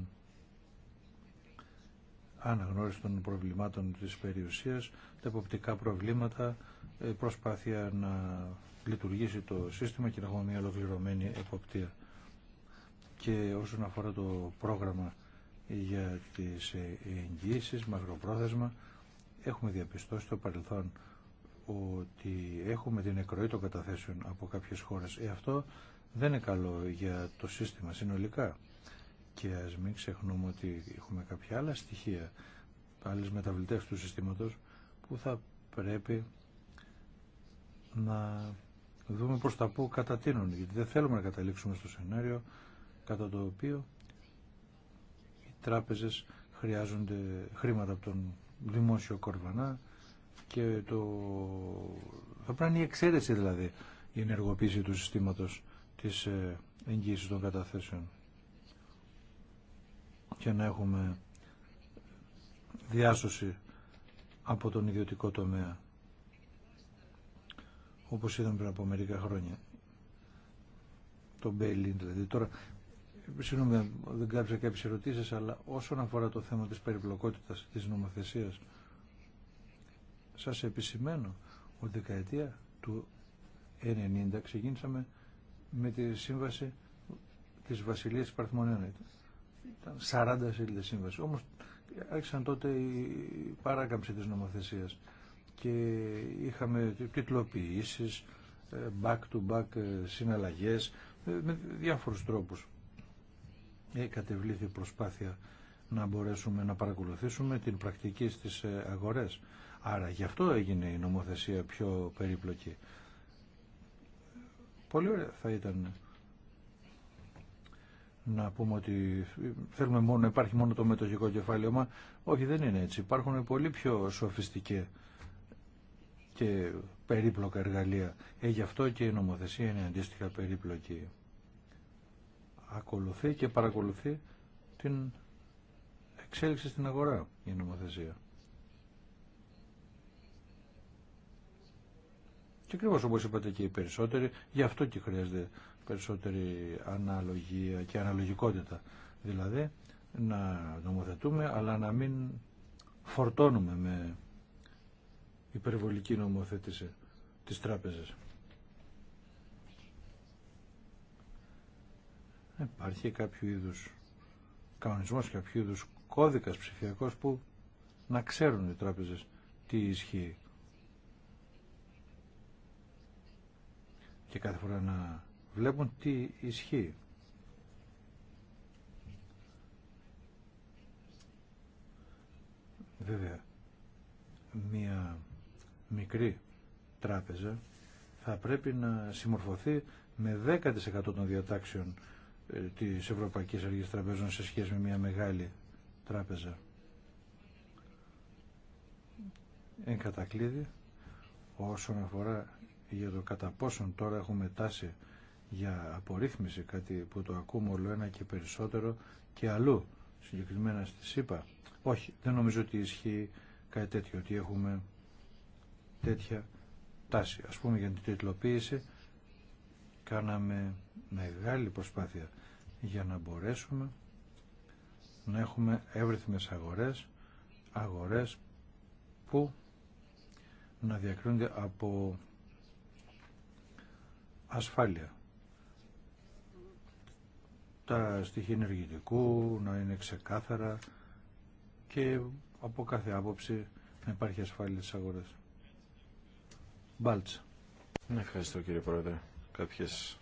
αναγνώριση των προβλημάτων της περιουσίας, τα εποπτικά προβλήματα, ε, προσπάθεια να λειτουργήσει το σύστημα και να έχουμε μια ολοκληρωμένη εποπτεία. Και όσον αφορά το πρόγραμμα για τις ε, εγγύησεις, μακροπρόθεσμα, έχουμε διαπιστώσει το παρελθόν ότι έχουμε την εκροή των καταθέσεων από κάποιες χώρες. Ε, αυτό δεν είναι καλό για το σύστημα συνολικά. Και ας μην ξεχνούμε ότι έχουμε κάποια άλλα στοιχεία, άλλες μεταβλητές του συστήματος, που θα πρέπει να δούμε προς τα πού κατατείνουν. Γιατί δεν θέλουμε να καταλήξουμε στο σενάριο κατά το οποίο οι τράπεζες χρειάζονται χρήματα από τον δημόσιο κορβανά και το... θα πρέπει να είναι η εξαίρεση δηλαδή η ενεργοποίηση του συστήματος της ε, εγγύησης των καταθέσεων και να έχουμε διάσωση από τον ιδιωτικό τομέα όπως είδαμε πριν από μερικά χρόνια το Μπέιλιν δηλαδή τώρα συγγνώμη δεν κάψα κάποιες ερωτήσεις αλλά όσον αφορά το θέμα της περιπλοκότητας της νομοθεσίας σας επισημαίνω ότι δεκαετία του 90 ξεκίνησαμε με τη σύμβαση της Βασιλείας Παρθμονένου. Ήταν 40 σελίδες σύμβαση. Όμως άρχισαν τότε η παράκαμψη της νομοθεσίας και είχαμε τιτλοποιήσεις, ε, back-to-back ε, συναλλαγές ε, με διάφορους τρόπους. Κατεβλήθη προσπάθεια να μπορέσουμε να παρακολουθήσουμε την πρακτική στις αγορές. Άρα γι' αυτό έγινε η νομοθεσία πιο περίπλοκη. Πολύ ωραία θα ήταν να πούμε ότι θέλουμε μόνο, υπάρχει μόνο το μετοχικό κεφάλαιο, μα όχι δεν είναι έτσι. Υπάρχουν πολύ πιο σοφιστικέ και περίπλοκα εργαλεία. Ε, γι' αυτό και η νομοθεσία είναι αντίστοιχα περίπλοκη. Ακολουθεί και παρακολουθεί την εξέλιξη στην αγορά η νομοθεσία. Και ακριβώ όπω είπατε και οι περισσότεροι, γι' αυτό και χρειάζεται περισσότερη αναλογία και αναλογικότητα. Δηλαδή να νομοθετούμε αλλά να μην φορτώνουμε με υπερβολική νομοθέτηση της τράπεζας. Υπάρχει κάποιο είδους κανονισμό, κάποιο είδους κώδικας ψηφιακό που να ξέρουν οι τράπεζες τι ισχύει. και κάθε φορά να βλέπουν τι ισχύει. Βέβαια, μία μικρή τράπεζα θα πρέπει να συμμορφωθεί με 10% των διατάξεων ε, της Ευρωπαϊκής Αρχής Τραπεζών σε σχέση με μια μεγάλη τράπεζα. Εν κατακλείδη, όσον αφορά για το κατά πόσον τώρα έχουμε τάση για απορρίθμιση, κάτι που το ακούμε όλο ένα και περισσότερο και αλλού, συγκεκριμένα στη ΣΥΠΑ. Όχι, δεν νομίζω ότι ισχύει κάτι τέτοιο, ότι έχουμε τέτοια τάση. Ας πούμε για την τετλοποίηση κάναμε μεγάλη προσπάθεια για να μπορέσουμε να έχουμε εύρυθμες αγορές, αγορές που να διακρίνονται από ασφάλεια. Τα στοιχεία ενεργητικού να είναι ξεκάθαρα και από κάθε άποψη να υπάρχει ασφάλεια στις αγορές. Μπάλτσα. Ναι, ευχαριστώ κύριε Πρόεδρε. Κάποιες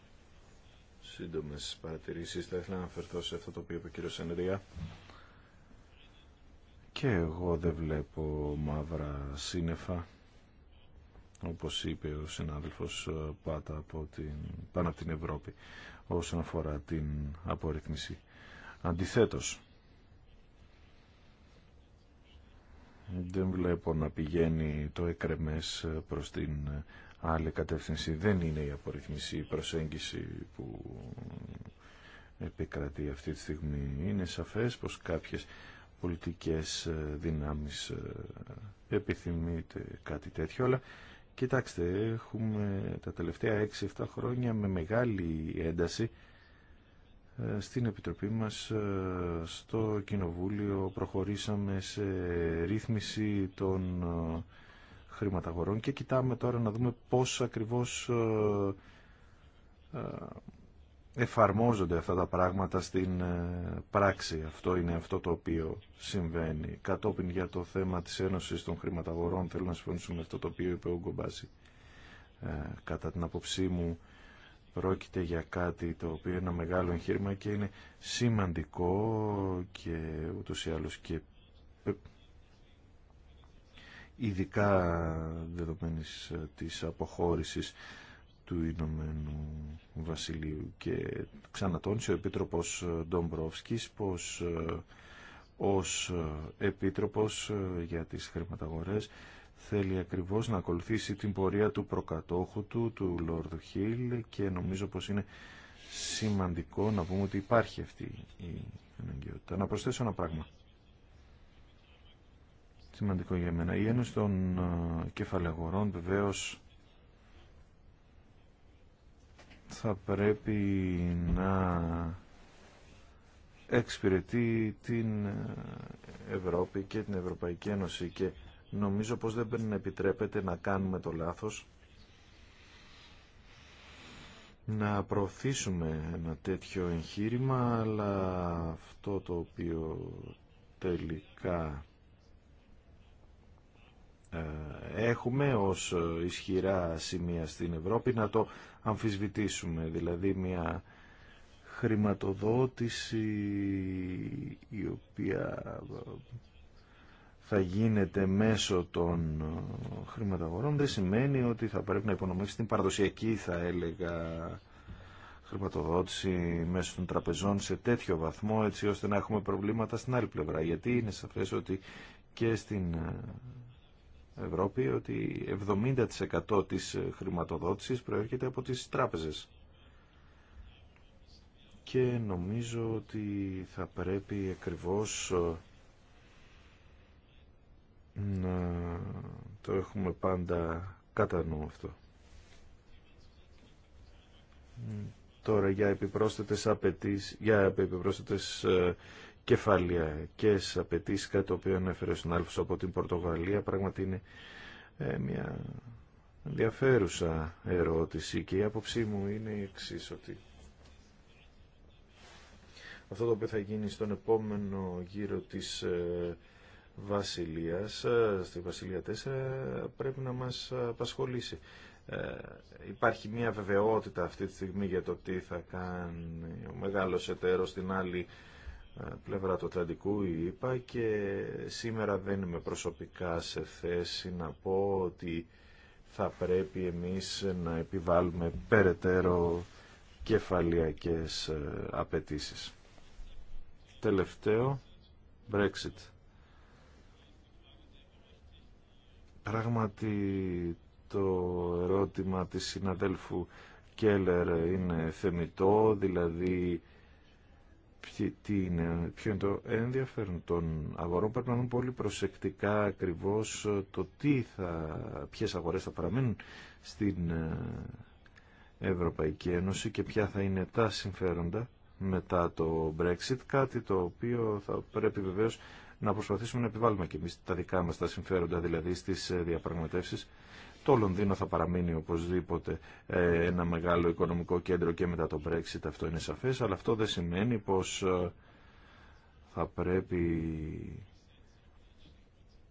σύντομες παρατηρήσεις. Θα ήθελα να αναφερθώ σε αυτό το οποίο είπε ο κύριος Σενεριά. Και εγώ δεν βλέπω μαύρα σύννεφα όπως είπε ο συνάδελφος ε, Πάτα από την, πάνω από την Ευρώπη όσον αφορά την απορρίθμιση. Αντιθέτως, δεν βλέπω να πηγαίνει το εκρεμές ε, προς την ε, άλλη κατεύθυνση. Δεν είναι η απορρίθμιση, η προσέγγιση που επικρατεί αυτή τη στιγμή. Είναι σαφές πως κάποιες πολιτικές δυνάμεις επιθυμείται κάτι τέτοιο, αλλά Κοιτάξτε, έχουμε τα τελευταία 6-7 χρόνια με μεγάλη ένταση ε, στην Επιτροπή μας, ε, στο Κοινοβούλιο, προχωρήσαμε σε ρύθμιση των ε, χρηματαγορών και κοιτάμε τώρα να δούμε πώς ακριβώς εφαρμόζονται αυτά τα πράγματα στην ε, πράξη. Αυτό είναι αυτό το οποίο συμβαίνει. Κατόπιν για το θέμα της Ένωσης των Χρηματαγορών θέλω να συμφωνήσω με αυτό το οποίο είπε ο Γκομπάση. Ε, κατά την απόψή μου πρόκειται για κάτι το οποίο είναι ένα μεγάλο εγχείρημα και είναι σημαντικό και ούτως ή άλλως και ε, ειδικά δεδομένης της αποχώρησης του Ηνωμένου Βασιλείου και ξανατώνησε ο Επίτροπος Ντομπρόφσκης πως ε, ως ε, Επίτροπος ε, για τις χρηματαγορές θέλει ακριβώς να ακολουθήσει την πορεία του προκατόχου του, του Λόρδου Χίλ και νομίζω πως είναι σημαντικό να πούμε ότι υπάρχει αυτή η αναγκαιότητα. Να προσθέσω ένα πράγμα. Σημαντικό για μένα. Η Ένωση των Κεφαλαγορών βεβαίως θα πρέπει να εξυπηρετεί την Ευρώπη και την Ευρωπαϊκή Ένωση και νομίζω πως δεν πρέπει να επιτρέπεται να κάνουμε το λάθος να προωθήσουμε ένα τέτοιο εγχείρημα αλλά αυτό το οποίο τελικά ε, έχουμε ως ισχυρά σημεία στην Ευρώπη να το αμφισβητήσουμε. Δηλαδή μια χρηματοδότηση η οποία θα γίνεται μέσω των χρηματαγορών δεν σημαίνει ότι θα πρέπει να υπονομεύσει την παραδοσιακή θα έλεγα χρηματοδότηση μέσω των τραπεζών σε τέτοιο βαθμό έτσι ώστε να έχουμε προβλήματα στην άλλη πλευρά γιατί είναι σαφές ότι και στην Ευρώπη ότι 70% της χρηματοδότησης προέρχεται από τις τράπεζες. Και νομίζω ότι θα πρέπει ακριβώς ε, να το έχουμε πάντα κατά νου αυτό. Τώρα για επιπρόσθετες απαιτήσεις, για επιπρόσθετες ε, κεφαλιακές απαιτήσει κάτι το οποίο έφερε ο συνάδελφο από την Πορτογαλία, πράγματι είναι ε, μια ενδιαφέρουσα ερώτηση και η άποψή μου είναι η εξή ότι αυτό το οποίο θα γίνει στον επόμενο γύρο της ε, Βασιλείας, ε, στη Βασιλεία 4, πρέπει να μας απασχολήσει. Ε, υπάρχει μια βεβαιότητα αυτή τη στιγμή για το τι θα κάνει ο μεγάλος εταίρος την άλλη πλευρά του Ατλαντικού, είπα, και σήμερα δεν είμαι προσωπικά σε θέση να πω ότι θα πρέπει εμείς να επιβάλλουμε περαιτέρω κεφαλιακές ε, απαιτήσεις. Τελευταίο, Brexit. Πράγματι το ερώτημα της συναδέλφου Κέλλερ είναι θεμητό, δηλαδή Ποιο είναι, το ενδιαφέρον των αγορών. Πρέπει να δούμε πολύ προσεκτικά ακριβώς ε, το τι θα, ποιες αγορές θα παραμείνουν στην ε, Ευρωπαϊκή Ένωση και ποια θα είναι τα συμφέροντα μετά το Brexit, κάτι το οποίο θα πρέπει βεβαίως να προσπαθήσουμε να επιβάλλουμε και εμείς τα δικά μας τα συμφέροντα, δηλαδή στις ε, διαπραγματεύσεις το Λονδίνο θα παραμείνει οπωσδήποτε ε, ένα μεγάλο οικονομικό κέντρο και μετά το Brexit, αυτό είναι σαφές, αλλά αυτό δεν σημαίνει πως ε, θα πρέπει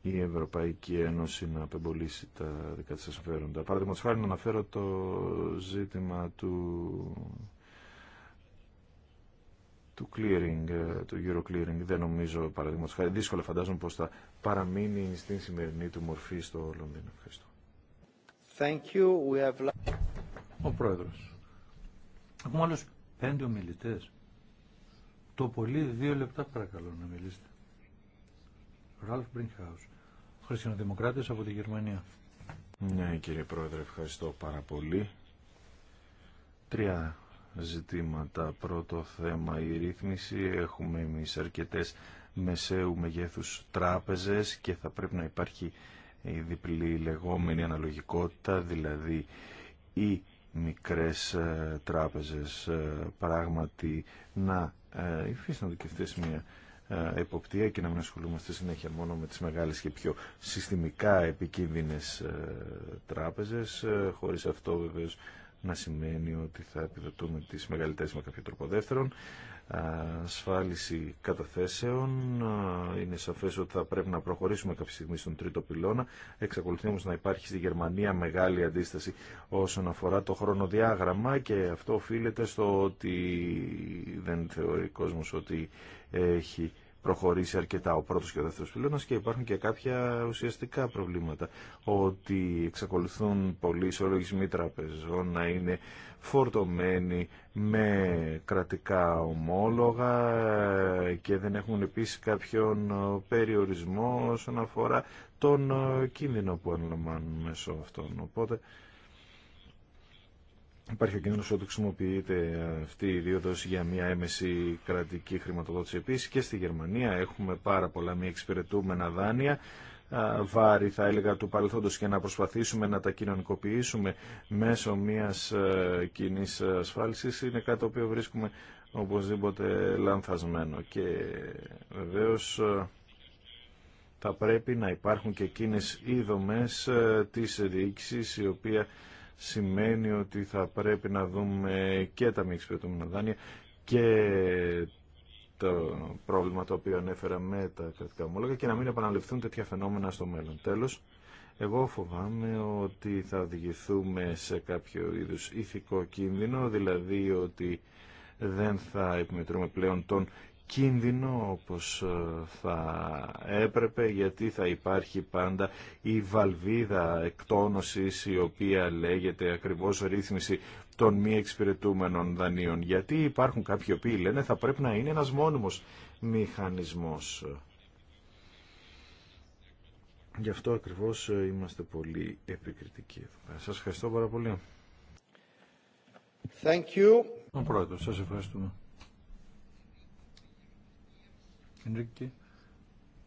η Ευρωπαϊκή Ένωση να απεμπολίσει τα δικά της συμφέροντα. Παραδείγματος χάρη να αναφέρω το ζήτημα του του clearing, ε, του euro clearing, δεν νομίζω παραδείγματος χάρη. Δύσκολα φαντάζομαι πως θα παραμείνει στην σημερινή του μορφή στο Λονδίνο. Ευχαριστώ. Ο Πρόεδρος. Έχουμε άλλους πέντε ομιλητές. Το πολύ δύο λεπτά παρακαλώ να μιλήσετε. Ραλφ Μπρινχάους, χριστιανοδημοκράτης από τη Γερμανία. Ναι κύριε Πρόεδρε, ευχαριστώ πάρα πολύ. Τρία ζητήματα. Πρώτο θέμα η ρύθμιση. Έχουμε εμείς αρκετές μεσαίου μεγέθους τράπεζες και θα πρέπει να υπάρχει η διπλή λεγόμενη αναλογικότητα, δηλαδή οι μικρές ε, τράπεζες ε, πράγματι να ε, υφίστανται και αυτές μια εποπτεία και να μην ασχολούμαστε συνέχεια μόνο με τις μεγάλες και πιο συστημικά επικίνδυνες τράπεζες χωρίς αυτό βεβαίως να σημαίνει ότι θα επιδοτούμε τις μεγαλύτερες με κάποιο τρόπο δεύτερον ασφάλιση καταθέσεων. Είναι σαφές ότι θα πρέπει να προχωρήσουμε κάποια στιγμή στον τρίτο πυλώνα. Εξακολουθεί όμως να υπάρχει στη Γερμανία μεγάλη αντίσταση όσον αφορά το χρονοδιάγραμμα και αυτό οφείλεται στο ότι δεν θεωρεί ο κόσμος ότι έχει προχωρήσει αρκετά ο πρώτος και ο δεύτερος πυλώνας και υπάρχουν και κάποια ουσιαστικά προβλήματα. Ότι εξακολουθούν πολλοί ισολογισμοί τραπεζών να είναι φορτωμένοι με κρατικά ομόλογα και δεν έχουν επίσης κάποιον περιορισμό όσον αφορά τον κίνδυνο που αναλαμβάνουν μέσω αυτών. Οπότε Υπάρχει ο κίνδυνο ότι χρησιμοποιείται αυτή η ιδίωδο για μια έμεση κρατική χρηματοδότηση. Επίσης και στη Γερμανία έχουμε πάρα πολλά μη εξυπηρετούμενα δάνεια βάρη θα έλεγα του παρελθόντος και να προσπαθήσουμε να τα κοινωνικοποιήσουμε μέσω μιας ε, κοινή ασφάλισης είναι κάτι το οποίο βρίσκουμε οπωσδήποτε λανθασμένο και βεβαίως ε, θα πρέπει να υπάρχουν και εκείνες οι δομές ε, της διοίκησης η οποία σημαίνει ότι θα πρέπει να δούμε και τα μη εξυπηρετούμενα δάνεια και το πρόβλημα το οποίο ανέφερα με τα κρατικά ομόλογα και να μην επαναληφθούν τέτοια φαινόμενα στο μέλλον. Τέλος, εγώ φοβάμαι ότι θα οδηγηθούμε σε κάποιο είδους ηθικό κίνδυνο, δηλαδή ότι δεν θα επιμετρούμε πλέον τον κίνδυνο όπως ε, θα έπρεπε γιατί θα υπάρχει πάντα η βαλβίδα εκτόνωσης η οποία λέγεται ακριβώς ρύθμιση των μη εξυπηρετούμενων δανείων. Γιατί υπάρχουν κάποιοι οποίοι λένε θα πρέπει να είναι ένας μόνιμος μηχανισμός. Γι' αυτό ακριβώς ε, είμαστε πολύ επικριτικοί Σας ευχαριστώ πάρα πολύ. Thank you. Ο σας ευχαριστούμε. Ενρίκη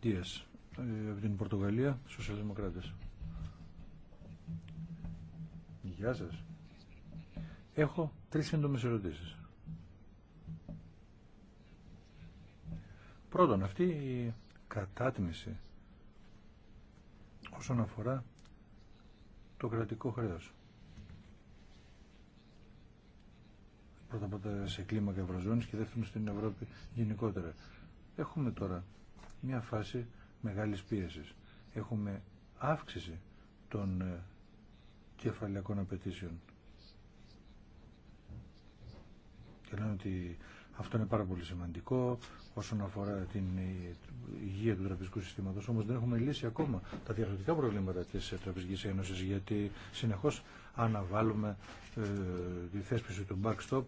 Δίας ε, από την Πορτογαλία, Σοσιαλδημοκράτε. Γεια σα. Έχω τρει σύντομε ερωτήσει. Πρώτον, αυτή η κατάτμιση όσον αφορά το κρατικό χρέος. Πρώτα απ' όλα σε κλίμακα Ευρωζώνης και δεύτερον στην Ευρώπη γενικότερα. Έχουμε τώρα μια φάση μεγάλης πίεσης. Έχουμε αύξηση των ε, κεφαλαίων απαιτήσεων. Και λένε ότι αυτό είναι πάρα πολύ σημαντικό όσον αφορά την ε, υγεία του τραπεζικού συστήματος. Όμως δεν έχουμε λύσει ακόμα τα διαφορετικά προβλήματα της ε, Τραπεζικής Ένωσης γιατί συνεχώς αναβάλουμε ε, τη θέσπιση του backstop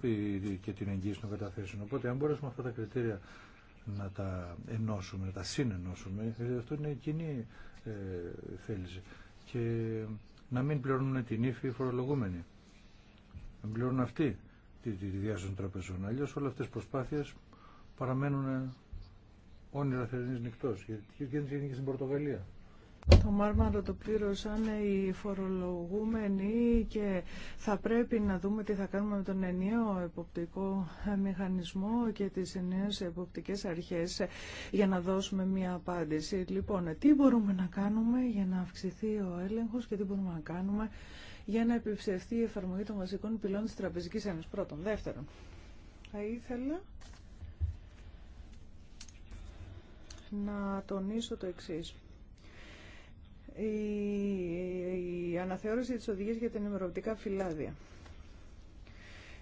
και την εγγύηση των καταθέσεων. Οπότε αν μπορέσουμε αυτά τα κριτήρια να τα ενώσουμε, να τα συνενώσουμε. Ε, αυτό είναι κοινή ε, θέληση. Και να μην πληρώνουν την ύφη οι φορολογούμενοι. Να μην πληρώνουν αυτοί τη, τη, τη των τραπεζών. Αλλιώ όλε αυτέ τι προσπάθειε παραμένουν όνειρα θερινή νυχτό. Γιατί και στην Πορτογαλία. Το μάρμαρο το πλήρωσαν οι φορολογούμενοι και θα πρέπει να δούμε τι θα κάνουμε με τον ενιαίο εποπτικό μηχανισμό και τις ενιαίες εποπτικές αρχές για να δώσουμε μία απάντηση. Λοιπόν, τι μπορούμε να κάνουμε για να αυξηθεί ο έλεγχος και τι μπορούμε να κάνουμε για να επιψευθεί η εφαρμογή των βασικών πυλών της Τραπεζικής Ένωσης. Πρώτον. Δεύτερον, θα ήθελα να τονίσω το εξής η, αναθεώρηση της οδηγίας για τα ημεροπτικά φυλάδια.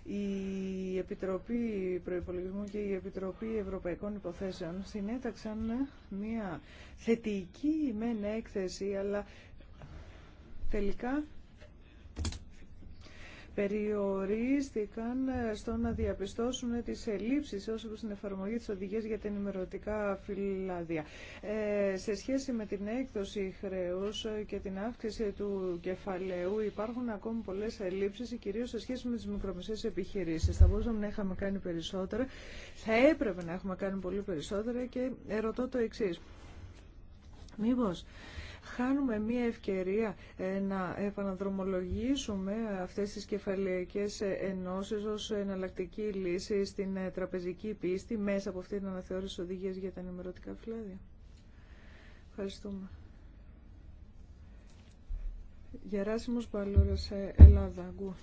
Η Επιτροπή Προϋπολογισμού και η Επιτροπή Ευρωπαϊκών Υποθέσεων συνέταξαν μια θετική μεν έκθεση, αλλά τελικά περιορίστηκαν στο να διαπιστώσουν τις ελλείψεις όσο στην την εφαρμογή τη οδηγία για την ενημερωτικά φυλάδια. Ε, σε σχέση με την έκδοση χρέου και την αύξηση του κεφαλαίου υπάρχουν ακόμη πολλές ελλείψεις, κυρίως σε σχέση με τις μικρομεσαίες επιχειρήσεις. Θα μπορούσαμε να είχαμε κάνει περισσότερα, θα έπρεπε να έχουμε κάνει πολύ περισσότερα και ερωτώ το εξή. Μήπως χάνουμε μία ευκαιρία ε, να επαναδρομολογήσουμε αυτές τις κεφαλαιακές ε, ενώσεις ως εναλλακτική λύση στην ε, τραπεζική πίστη μέσα από αυτή την αναθεώρηση οδηγίας για τα ενημερωτικά φυλάδια. Ευχαριστούμε. Γεράσιμος Μπαλούρας, Ελλάδα, Αγκού.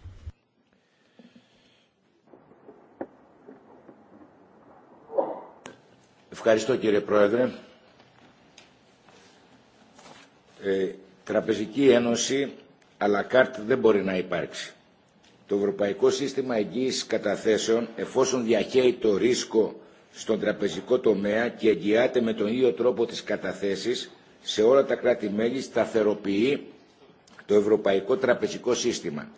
Ευχαριστώ κύριε Πρόεδρε. Ε, τραπεζική ένωση αλλά κάρτ δεν μπορεί να υπάρξει. Το Ευρωπαϊκό Σύστημα Εγγύησης Καταθέσεων, εφόσον διαχέει το ρίσκο στον τραπεζικό τομέα και εγγυάται με τον ίδιο τρόπο τις καταθέσεις, σε όλα τα κράτη-μέλη σταθεροποιεί το Ευρωπαϊκό Τραπεζικό Σύστημα.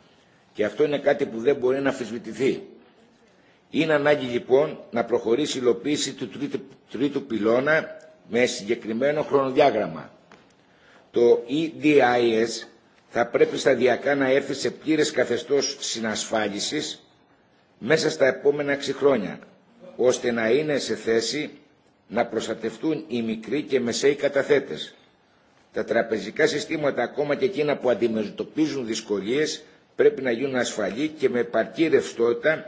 Και αυτό είναι κάτι που δεν μπορεί να αφισβητηθεί. Είναι ανάγκη λοιπόν να προχωρήσει η υλοποίηση του τρίτου, τρίτου πυλώνα με συγκεκριμένο χρονοδιάγραμμα το EDIS θα πρέπει σταδιακά να έρθει σε πλήρες καθεστώς συνασφάλισης μέσα στα επόμενα 6 χρόνια, ώστε να είναι σε θέση να προστατευτούν οι μικροί και μεσαίοι καταθέτες. Τα τραπεζικά συστήματα, ακόμα και εκείνα που αντιμετωπίζουν δυσκολίες, πρέπει να γίνουν ασφαλή και με επαρκή ρευστότητα,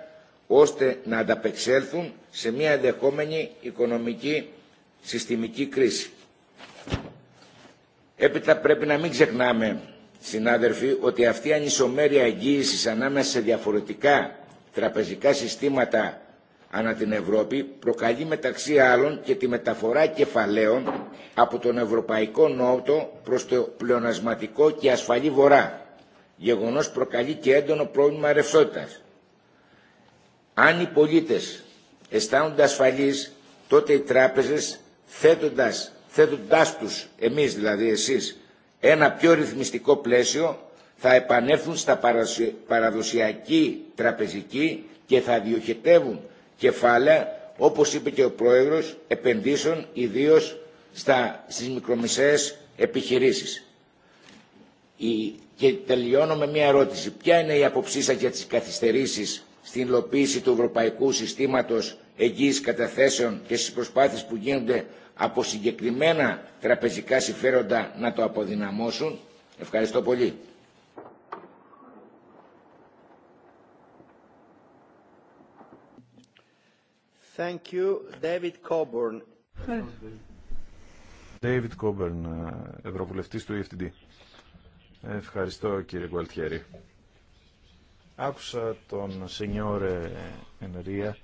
ώστε να ανταπεξέλθουν σε μια ενδεχόμενη οικονομική συστημική κρίση. Έπειτα πρέπει να μην ξεχνάμε, συνάδελφοι, ότι αυτή η ανισομέρεια εγγύηση ανάμεσα σε διαφορετικά τραπεζικά συστήματα ανά την Ευρώπη προκαλεί μεταξύ άλλων και τη μεταφορά κεφαλαίων από τον Ευρωπαϊκό Νότο προς το πλεονασματικό και ασφαλή Βορρά. Γεγονός προκαλεί και έντονο πρόβλημα ρευστότητας. Αν οι πολίτες αισθάνονται ασφαλείς, τότε οι τράπεζες θέτοντας θέτοντά τους, εμείς δηλαδή εσείς, ένα πιο ρυθμιστικό πλαίσιο, θα επανέλθουν στα παραδοσιακή τραπεζική και θα διοχετεύουν κεφάλαια, όπως είπε και ο πρόεδρο επενδύσεων ιδίω στι στις επιχειρήσει. επιχειρήσεις. Και τελειώνω με μια ερώτηση. Ποια είναι η αποψή σα για τι καθυστερήσει, στην υλοποίηση του Ευρωπαϊκού Συστήματος εγγύης καταθέσεων και στις προσπάθειες που γίνονται από συγκεκριμένα τραπεζικά συμφέροντα να το αποδυναμώσουν. Ευχαριστώ πολύ. Thank you, David Coburn. David Coburn, Ευρωβουλευτής του EFTD. Ευχαριστώ κύριε Κουαλτιέρη. Άκουσα τον Σενιόρε Ενρία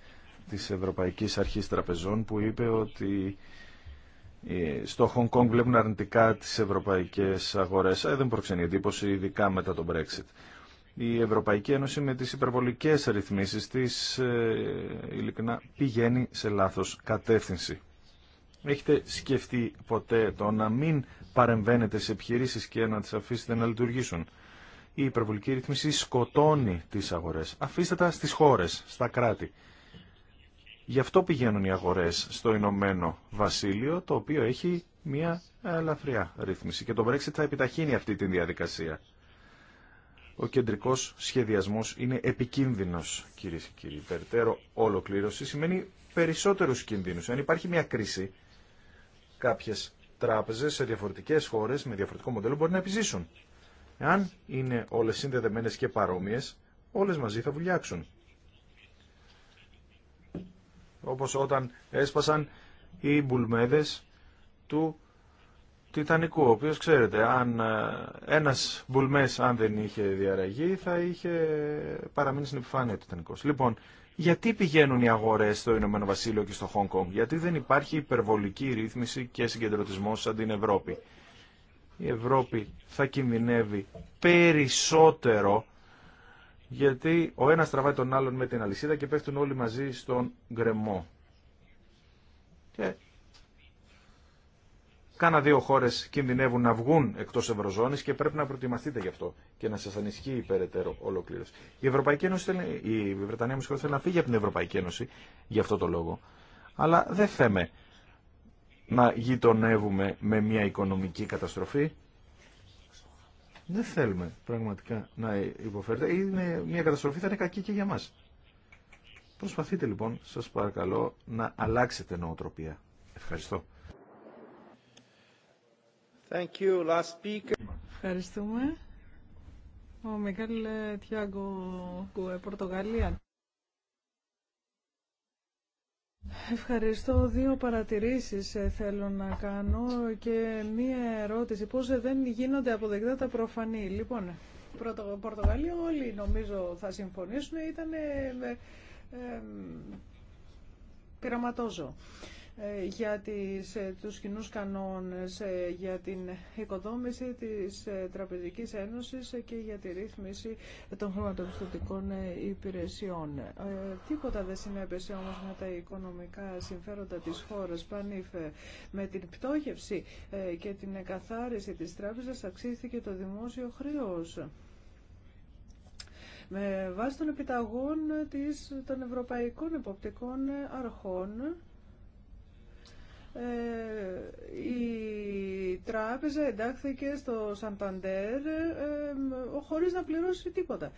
της Ευρωπαϊκής Αρχής Τραπεζών που είπε ότι ε, στο Χονγκ Κόνγκ βλέπουν αρνητικά τις ευρωπαϊκές αγορές. Ε, δεν προξενεί εντύπωση, ειδικά μετά τον Brexit. Η Ευρωπαϊκή Ένωση με τις υπερβολικές ρυθμίσεις της ε, ειλικρινά πηγαίνει σε λάθος κατεύθυνση. Έχετε σκεφτεί ποτέ το να μην παρεμβαίνετε σε επιχειρήσεις και να τις αφήσετε να λειτουργήσουν. Η υπερβολική ρύθμιση σκοτώνει τις αγορές. Αφήστε τα στις χώρες, στα κράτη. Γι' αυτό πηγαίνουν οι αγορές στο Ηνωμένο Βασίλειο, το οποίο έχει μια ε, ελαφριά ρύθμιση. Και το Brexit θα επιταχύνει αυτή τη διαδικασία. Ο κεντρικός σχεδιασμός είναι επικίνδυνος, κύριε και κύριοι. Περιτέρω ολοκλήρωση σημαίνει περισσότερους κινδύνους. Αν υπάρχει μια κρίση, κάποιες τράπεζες σε διαφορετικές χώρες με διαφορετικό μοντέλο μπορεί να επιζήσουν. Εάν είναι όλες συνδεδεμένες και παρόμοιες, όλες μαζί θα βουλιάξουν όπως όταν έσπασαν οι μπουλμέδες του Τιτανικού, ο οποίος ξέρετε, αν ε, ένας μπουλμές αν δεν είχε διαραγεί θα είχε παραμείνει στην επιφάνεια του Τιτανικού. Λοιπόν, γιατί πηγαίνουν οι αγορές στο Ηνωμένο Βασίλειο και στο Χονγκ Κονγκ, γιατί δεν υπάρχει υπερβολική ρύθμιση και συγκεντρωτισμός σαν την Ευρώπη. Η Ευρώπη θα κινδυνεύει περισσότερο γιατί ο ένας τραβάει τον άλλον με την αλυσίδα και πέφτουν όλοι μαζί στον γκρεμό. Και κάνα δύο χώρες κινδυνεύουν να βγουν εκτός Ευρωζώνης και πρέπει να προετοιμαστείτε γι' αυτό και να σας ανισχύει περαιτέρω ολοκλήρωση. Η, Ευρωπαϊκή Ένωση η Βρετανία μου θέλει να φύγει από την Ευρωπαϊκή Ένωση γι' αυτό το λόγο. Αλλά δεν θέμε να γειτονεύουμε με μια οικονομική καταστροφή δεν θέλουμε πραγματικά να υποφέρετε. Είναι μια καταστροφή θα είναι κακή και για μας. Προσπαθείτε λοιπόν, σας παρακαλώ, να αλλάξετε νοοτροπία. Ευχαριστώ. Thank you. Last speaker. Ευχαριστούμε. Ο Μιχάλη Τιάγκο Πορτογαλία. Ευχαριστώ. Δύο παρατηρήσεις ε, θέλω να κάνω και μία ερώτηση. Πώς ε, δεν γίνονται αποδεκτά τα προφανή. Λοιπόν, Πρωτο, Πορτογαλία όλοι νομίζω θα συμφωνήσουν. Ήταν ε, ε πειραματόζω. Ε, για τις, ε, τους κοινού κανόνες ε, για την οικοδόμηση της Τραπεζικής Ένωσης και για τη ρύθμιση των χρηματοπιστωτικών υπηρεσιών. Τίποτα δεν συνέπεσε όμως με τα οικονομικά συμφέροντα της χώρας πανήφε με την πτώχευση και την εκαθάριση της τράπεζας αυξήθηκε το δημόσιο χρέος με βάση των επιταγών της, των ευρωπαϊκών εποπτικών αρχών ε, η τράπεζα εντάχθηκε στο Σανταντέρ ε, ε, χωρίς να πληρώσει τίποτα.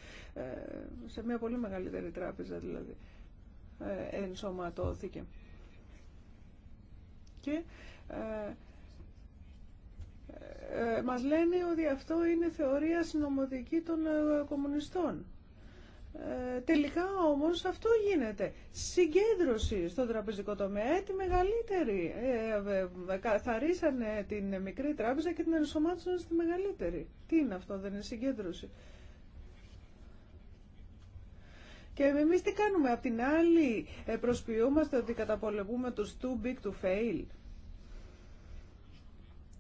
σε μια πολύ μεγαλύτερη τράπεζα δηλαδή ενσωματώθηκε. Και μας λένε ότι αυτό είναι θεωρία συνωμοτική των κομμουνιστών. Ε, τελικά όμως αυτό γίνεται. Συγκέντρωση στον τραπεζικό τομέα, ε, τη μεγαλύτερη. Ε, ε, καθαρίσανε την μικρή τράπεζα και την ενσωμάτωσαν στη μεγαλύτερη. Τι είναι αυτό, δεν είναι συγκέντρωση. Και εμείς τι κάνουμε, απ' την άλλη προσποιούμαστε ότι καταπολεμούμε τους too big to fail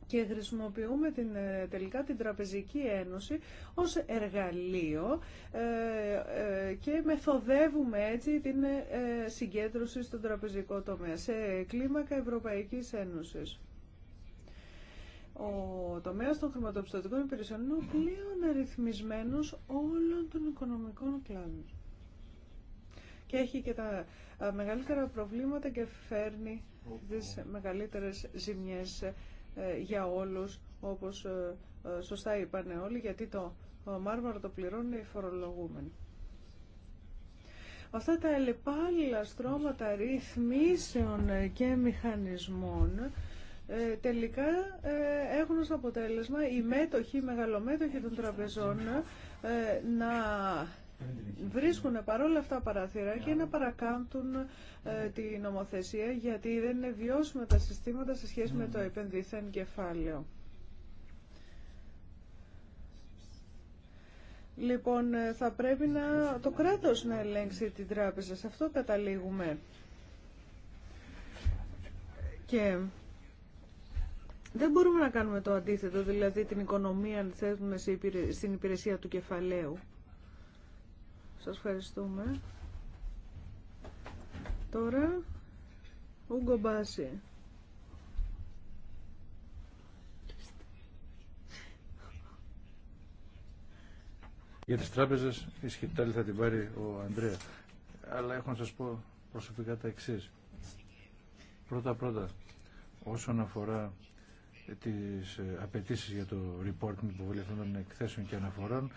και χρησιμοποιούμε την, ε, τελικά την Τραπεζική Ένωση ως εργαλείο ε, ε, και μεθοδεύουμε έτσι την συγκέντρωση στον τραπεζικό τομέα σε κλίμακα Ευρωπαϊκής Ένωσης. Ο τομέας των χρηματοπιστωτικών υπηρεσιών είναι πλέον αριθμισμένος όλων των οικονομικών κλάδων. Και έχει και τα μεγαλύτερα προβλήματα και φέρνει τις μεγαλύτερες ζημιές ε, για όλους, όπως ε, ε, σωστά είπανε όλοι, γιατί το μάρμαρο το πληρώνουν οι φορολογούμενοι. Αυτά τα ελεπάλληλα στρώματα ρυθμίσεων και μηχανισμών τελικά έχουν ως αποτέλεσμα οι μέτοχοι, οι μεγαλομέτοχοι των τραπεζών να βρίσκουν παρόλα αυτά παράθυρα και να παρακάμπτουν ε, τη νομοθεσία γιατί δεν είναι βιώσιμα τα συστήματα σε σχέση με το επενδύθεν κεφάλαιο. Λοιπόν, ε, θα πρέπει να το κράτος να ελέγξει την τράπεζα. Σε αυτό καταλήγουμε. Και δεν μπορούμε να κάνουμε το αντίθετο, δηλαδή την οικονομία αν θέτουμε στην υπηρεσία του κεφαλαίου. Σας ευχαριστούμε. Τώρα, Ούγκο Μπάση. Για τις τράπεζες η θα την πάρει ο Ανδρέα. Αλλά έχω να σας πω προσωπικά τα εξής. Πρώτα-πρώτα, όσον αφορά ε, τις ε, απαιτήσει για το reporting που αυτών των εκθέσεων και αναφορών,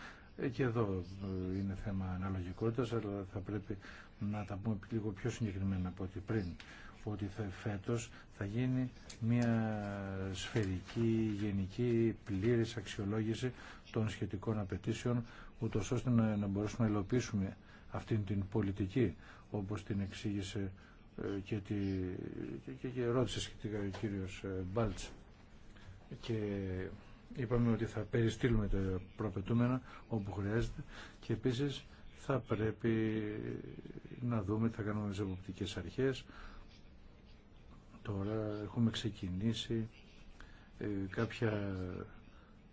ε, και εδώ ε, είναι θέμα αναλογικότητα, αλλά θα πρέπει να τα πούμε λίγο πιο συγκεκριμένα από ό,τι πριν. Ότι θα, φέτος θα γίνει μια σφαιρική, γενική, πλήρης αξιολόγηση των σχετικών απαιτήσεων, ούτω ώστε να, να μπορέσουμε να υλοποιήσουμε αυτήν την πολιτική, όπως την εξήγησε ε, και, και, και, και ρώτησε σχετικά ο κύριο Μπάλτ. Είπαμε ότι θα περιστήλουμε τα προπετούμενα όπου χρειάζεται και επίσης θα πρέπει να δούμε τι θα κάνουμε με τις εποπτικές αρχές. Τώρα έχουμε ξεκινήσει ε, κάποια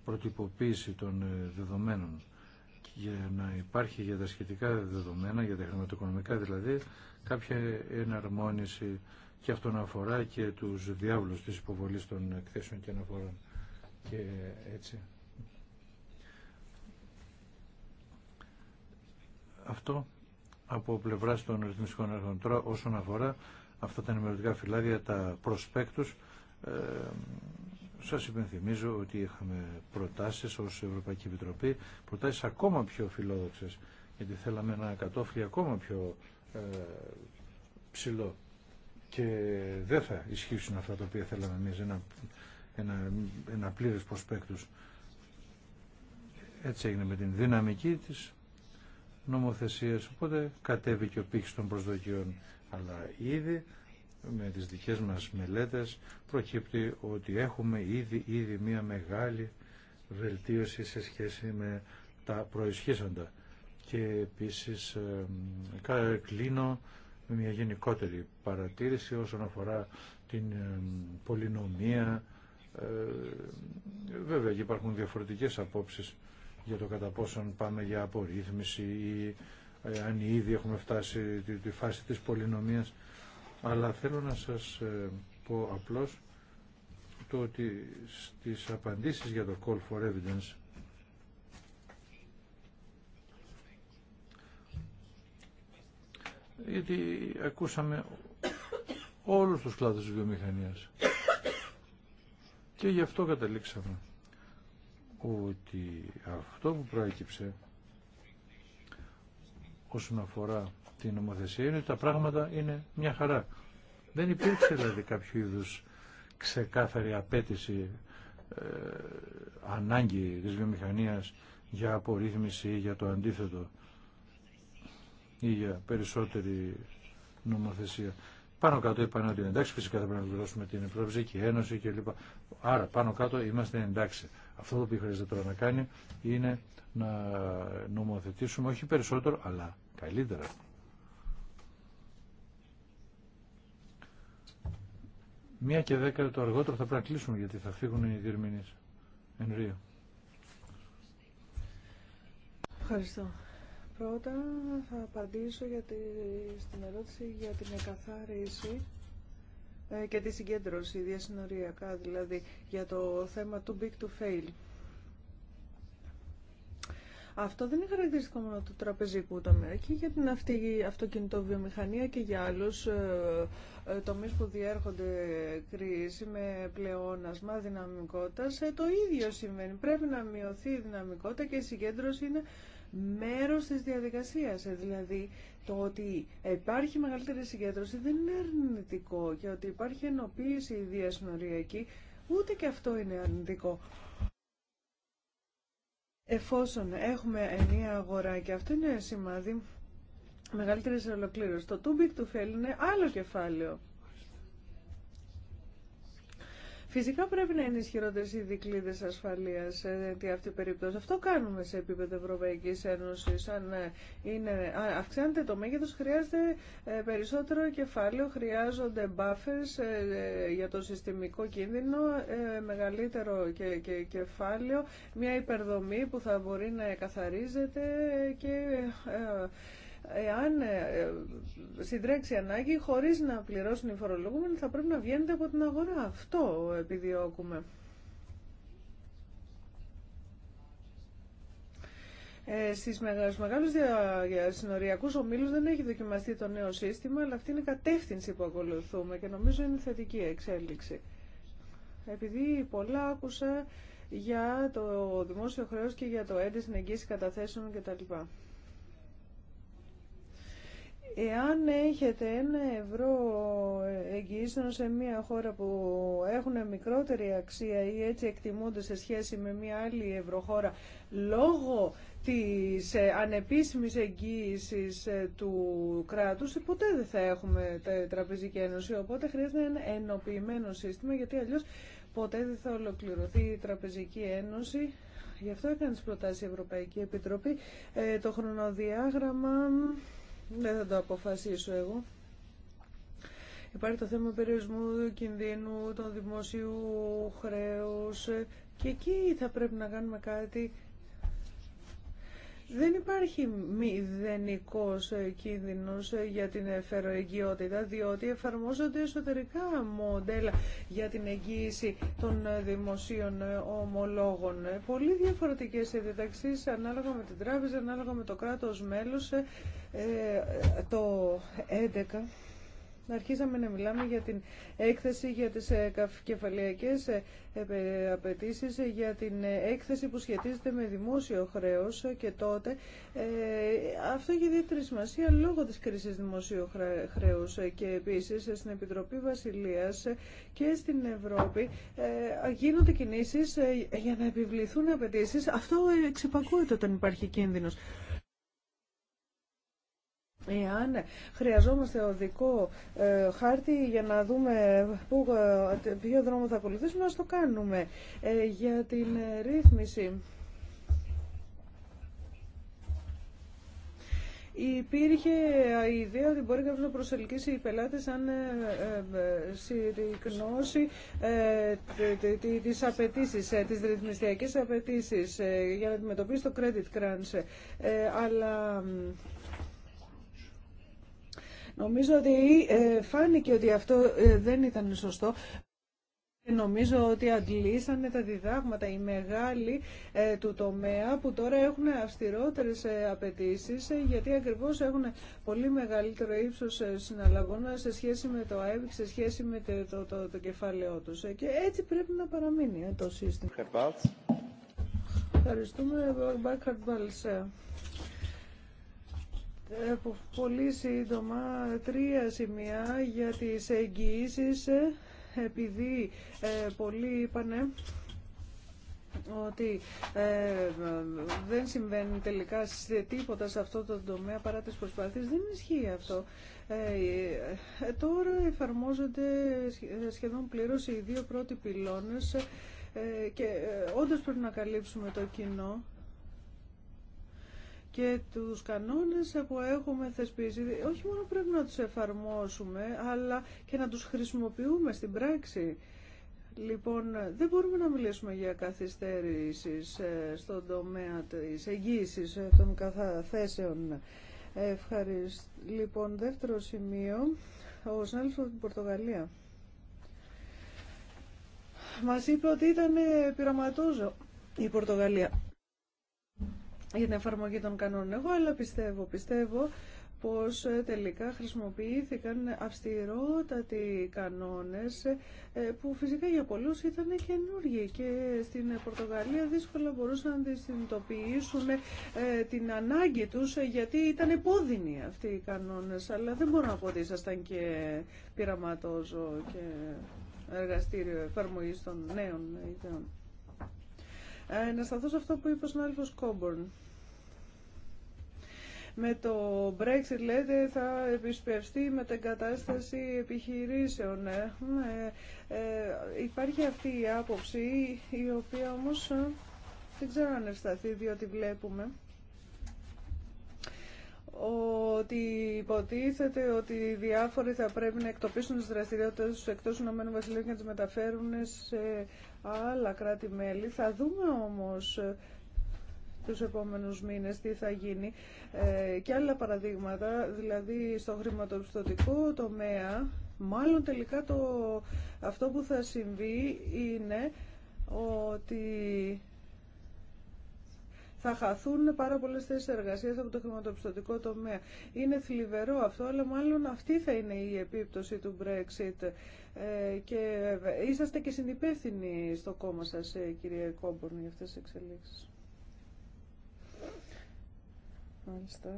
προτυποποίηση των ε, δεδομένων για να υπάρχει για τα σχετικά δεδομένα, για τα χρηματοοικονομικά δηλαδή, κάποια εναρμόνιση και αυτό αφορά και τους διάβλους της υποβολής των εκθέσεων και αναφορών και έτσι. Αυτό από πλευρά των ρυθμιστικών έργων. Τώρα όσον αφορά αυτά τα ενημερωτικά φυλάδια, τα προσπέκτους, ε, σας υπενθυμίζω ότι είχαμε προτάσεις ως Ευρωπαϊκή Επιτροπή, προτάσεις ακόμα πιο φιλόδοξες, γιατί θέλαμε ένα κατόφλι ακόμα πιο ε, ψηλό. Και δεν θα ισχύσουν αυτά τα οποία θέλαμε εμείς, ένα ένα, ένα πλήρες προσπέκτους. Έτσι έγινε με την δυναμική της νομοθεσίας, οπότε κατέβηκε ο πύχης των προσδοκιών. Αλλά ήδη με τις δικές μας μελέτες προκύπτει ότι έχουμε ήδη, ήδη μια μεγάλη βελτίωση σε σχέση με τα προϊσχύσαντα. Και επίσης ε, κλείνω με μια γενικότερη παρατήρηση όσον αφορά την ε, πολυνομία, ε, βέβαια υπάρχουν διαφορετικές απόψεις για το κατά πόσον πάμε για απορρίθμιση ή ε, αν ήδη έχουμε φτάσει τη, φάση της πολυνομίας αλλά θέλω να σας ε, πω απλώς το ότι στις απαντήσεις για το Call for Evidence γιατί ακούσαμε όλους τους κλάδους της βιομηχανίας και γι' αυτό καταλήξαμε ότι αυτό που προέκυψε όσον αφορά την νομοθεσία είναι ότι τα πράγματα είναι μια χαρά. Δεν υπήρξε δηλαδή κάποιο είδου ξεκάθαρη απέτηση, ε, ανάγκη της βιομηχανίας για απορρίθμιση ή για το αντίθετο ή για περισσότερη νομοθεσία. Πάνω κάτω είπαν ότι εντάξει, φυσικά θα πρέπει να πληρώσουμε την Ευρωπαϊκή Ένωση κλπ. Άρα πάνω κάτω είμαστε εντάξει. Αυτό το οποίο χρειάζεται τώρα να κάνει είναι να νομοθετήσουμε όχι περισσότερο αλλά καλύτερα. Μία και δέκα το αργότερο θα πρέπει να κλείσουμε γιατί θα φύγουν οι διερμηνείς. Εν Ευχαριστώ. Πρώτα θα απαντήσω για στην ερώτηση για την εκαθάριση ε, και τη συγκέντρωση διασυνοριακά, δηλαδή για το θέμα του big to fail. Αυτό δεν είναι χαρακτηριστικό μόνο του τραπεζικού τομέα και για την αυτή, αυτοκινητοβιομηχανία και για άλλους ε, ε τομείς που διέρχονται κρίση με πλεόνασμα δυναμικότητας. Ε, το ίδιο σημαίνει. Πρέπει να μειωθεί η δυναμικότητα και η συγκέντρωση είναι μέρος της διαδικασίας. Ε, δηλαδή, το ότι υπάρχει μεγαλύτερη συγκέντρωση δεν είναι αρνητικό και ότι υπάρχει ενοποίηση διασυνοριακή, ούτε και αυτό είναι αρνητικό. Εφόσον έχουμε ενία αγορά και αυτό είναι σημάδι μεγαλύτερης ολοκλήρωσης, το too big to fail είναι άλλο κεφάλαιο. Φυσικά πρέπει να είναι ισχυρότερε οι δικλείδε ασφαλεία σε αυτή περίπτωση. Αυτό κάνουμε σε επίπεδο Ευρωπαϊκή Ένωση. Αν, ε, είναι, αν αυξάνεται το μέγεθο, χρειάζεται ε, περισσότερο κεφάλαιο, χρειάζονται buffers ε, για το συστημικό κίνδυνο, μεγαλύτερο και, και κεφάλαιο, μια υπερδομή που θα μπορεί να καθαρίζεται και εάν ε, ε, συντρέξει ανάγκη, χωρίς να πληρώσουν οι φορολογούμενοι, θα πρέπει να βγαίνετε από την αγορά. Αυτό επιδιώκουμε. Ε, στις μεγάλους συνοριακούς ομίλους δεν έχει δοκιμαστεί το νέο σύστημα, αλλά αυτή είναι η κατεύθυνση που ακολουθούμε και νομίζω είναι θετική εξέλιξη. Επειδή πολλά άκουσα για το δημόσιο χρέος και για το έντες εγγύηση καταθέσεων κτλ. Εάν έχετε ένα ευρώ εγγυήσεων σε μια χώρα που έχουν μικρότερη αξία ή έτσι εκτιμούνται σε σχέση με μια άλλη ευρωχώρα λόγω της ε, ανεπίσημης εγγύησης ε, του κράτους, ποτέ δεν θα έχουμε τραπεζική ένωση. Οπότε χρειάζεται ένα ενοποιημένο σύστημα γιατί αλλιώς ποτέ δεν θα ολοκληρωθεί η τραπεζική ένωση. Γι' αυτό έκανε τις προτάσεις η Ευρωπαϊκή Επιτροπή. Ε, το χρονοδιάγραμμα δεν ναι, θα το αποφασίσω εγώ. Υπάρχει το θέμα περιορισμού κινδύνου, των δημοσίου χρέους και εκεί θα πρέπει να κάνουμε κάτι δεν υπάρχει μηδενικός κίνδυνος για την φεροεγγυότητα, διότι εφαρμόζονται εσωτερικά μοντέλα για την εγγύηση των δημοσίων ομολόγων. Πολύ διαφορετικές διδαξίες ανάλογα με την τράπεζα, ανάλογα με το κράτος μέλος. Ε, ε, το 11 αρχίσαμε να μιλάμε για την έκθεση για τις ε, κεφαλαιακές ε, απαιτήσει ε, για την έκθεση που σχετίζεται με δημόσιο χρέος και τότε αυτό έχει ιδιαίτερη σημασία λόγω της κρίσης δημοσίου χρέους και επίσης στην Επιτροπή Βασιλείας και στην Ευρώπη γίνονται κινήσεις για να επιβληθούν απαιτήσει. Αυτό εξυπακούεται όταν υπάρχει κίνδυνος. Εάν χρειαζόμαστε οδικό ε, χάρτη για να δούμε που, ε, ποιο δρόμο θα ακολουθήσουμε, ας το κάνουμε. Ε, για την ε, ρύθμιση. Υπήρχε η ιδέα ότι μπορεί κάποιος να προσελκύσει οι πελάτες αν συρρυκνώσει τις απαιτήσεις, τις ρυθμιστιακές απαιτήσεις για να αντιμετωπίσει το credit crunch. Αλλά Νομίζω ότι ε, φάνηκε ότι αυτό ε, δεν ήταν σωστό. Ε, νομίζω ότι αντλήσανε τα διδάγματα οι μεγάλοι του τομέα που τώρα έχουν αυστηρότερες ε, απαιτήσει γιατί ακριβώς έχουν πολύ μεγαλύτερο ύψος συναλλαγών σε σχέση με το ΑΕΠ, σε σχέση με το, το, το, κεφάλαιό τους. Και έτσι πρέπει να παραμείνει το σύστημα. Ευχαριστούμε, πολύ σύντομα τρία σημεία για τις εγγυήσει επειδή ε, πολλοί είπανε ότι ε, δεν συμβαίνει τελικά σε τίποτα σε αυτό το τομέα παρά τις προσπάθειες. Δεν ισχύει αυτό. Ε, ε τώρα εφαρμόζονται ε, σχεδόν πλήρως οι δύο πρώτοι πυλώνες και όντως πρέπει να καλύψουμε το κοινό και τους κανόνες που έχουμε θεσπίσει, όχι μόνο πρέπει να τους εφαρμόσουμε, αλλά και να τους χρησιμοποιούμε στην πράξη. Λοιπόν, δεν μπορούμε να μιλήσουμε για καθυστέρησης ε, στον τομέα της εγγύησης ε, των καθαθέσεων. Ευχαριστώ. Λοιπόν, δεύτερο σημείο, ο συνάδελφος από την Πορτογαλία. Μας είπε ότι ήταν η Πορτογαλία για την εφαρμογή των κανόνων. Εγώ αλλά πιστεύω, πιστεύω πως ε, τελικά χρησιμοποιήθηκαν αυστηρότατοι κανόνες ε, που φυσικά για πολλούς ήταν καινούργιοι και στην Πορτογαλία δύσκολα μπορούσαν να συνειδητοποιήσουν ε, την ανάγκη τους γιατί ήταν επώδυνοι αυτοί οι κανόνες αλλά δεν μπορώ να πω ότι ήσασταν και πειραματόζω και εργαστήριο εφαρμογής των νέων ιδεών. Ε, να σταθώ σε αυτό που είπε ο συνάδελφο Κόμπορν. Με το Brexit, λέτε, θα επισπευστεί την κατάσταση επιχειρήσεων. Ε. Ε, ε, υπάρχει αυτή η άποψη, η οποία όμως δεν ξέρω αν ευσταθεί, διότι βλέπουμε ότι υποτίθεται ότι οι διάφοροι θα πρέπει να εκτοπίσουν τις δραστηριότητες τους εκτός Ηνωμένου Βασιλείου και να τις μεταφέρουν σε άλλα κράτη-μέλη. Θα δούμε όμως ε, τους επόμενους μήνες τι θα γίνει ε, και άλλα παραδείγματα, δηλαδή στο χρηματοπιστωτικό τομέα, μάλλον τελικά το, αυτό που θα συμβεί είναι ότι θα χαθούν πάρα πολλές θέσεις εργασίας από το χρηματοπιστωτικό τομέα. Είναι θλιβερό αυτό, αλλά μάλλον αυτή θα είναι η επίπτωση του Brexit. Ε, και ε, είσαστε και συνυπεύθυνοι στο κόμμα σας, ε, κύριε Κόμπορν, για αυτές τις εξελίξεις. Μάλιστα.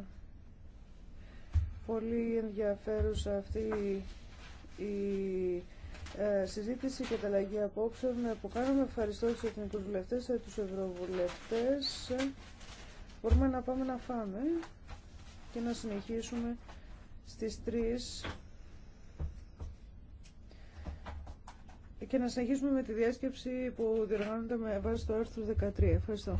Πολύ ενδιαφέρουσα αυτή η ε, συζήτηση και ανταλλαγή απόψεων που κάνουμε Ευχαριστώ τους εθνικούς βουλευτές, ε, τους ευρωβουλευτές. Μπορούμε να πάμε να φάμε και να συνεχίσουμε στις 3 και να συνεχίσουμε με τη διάσκεψη που διεργάζονται με βάση το άρθρο 13. Ευχαριστώ.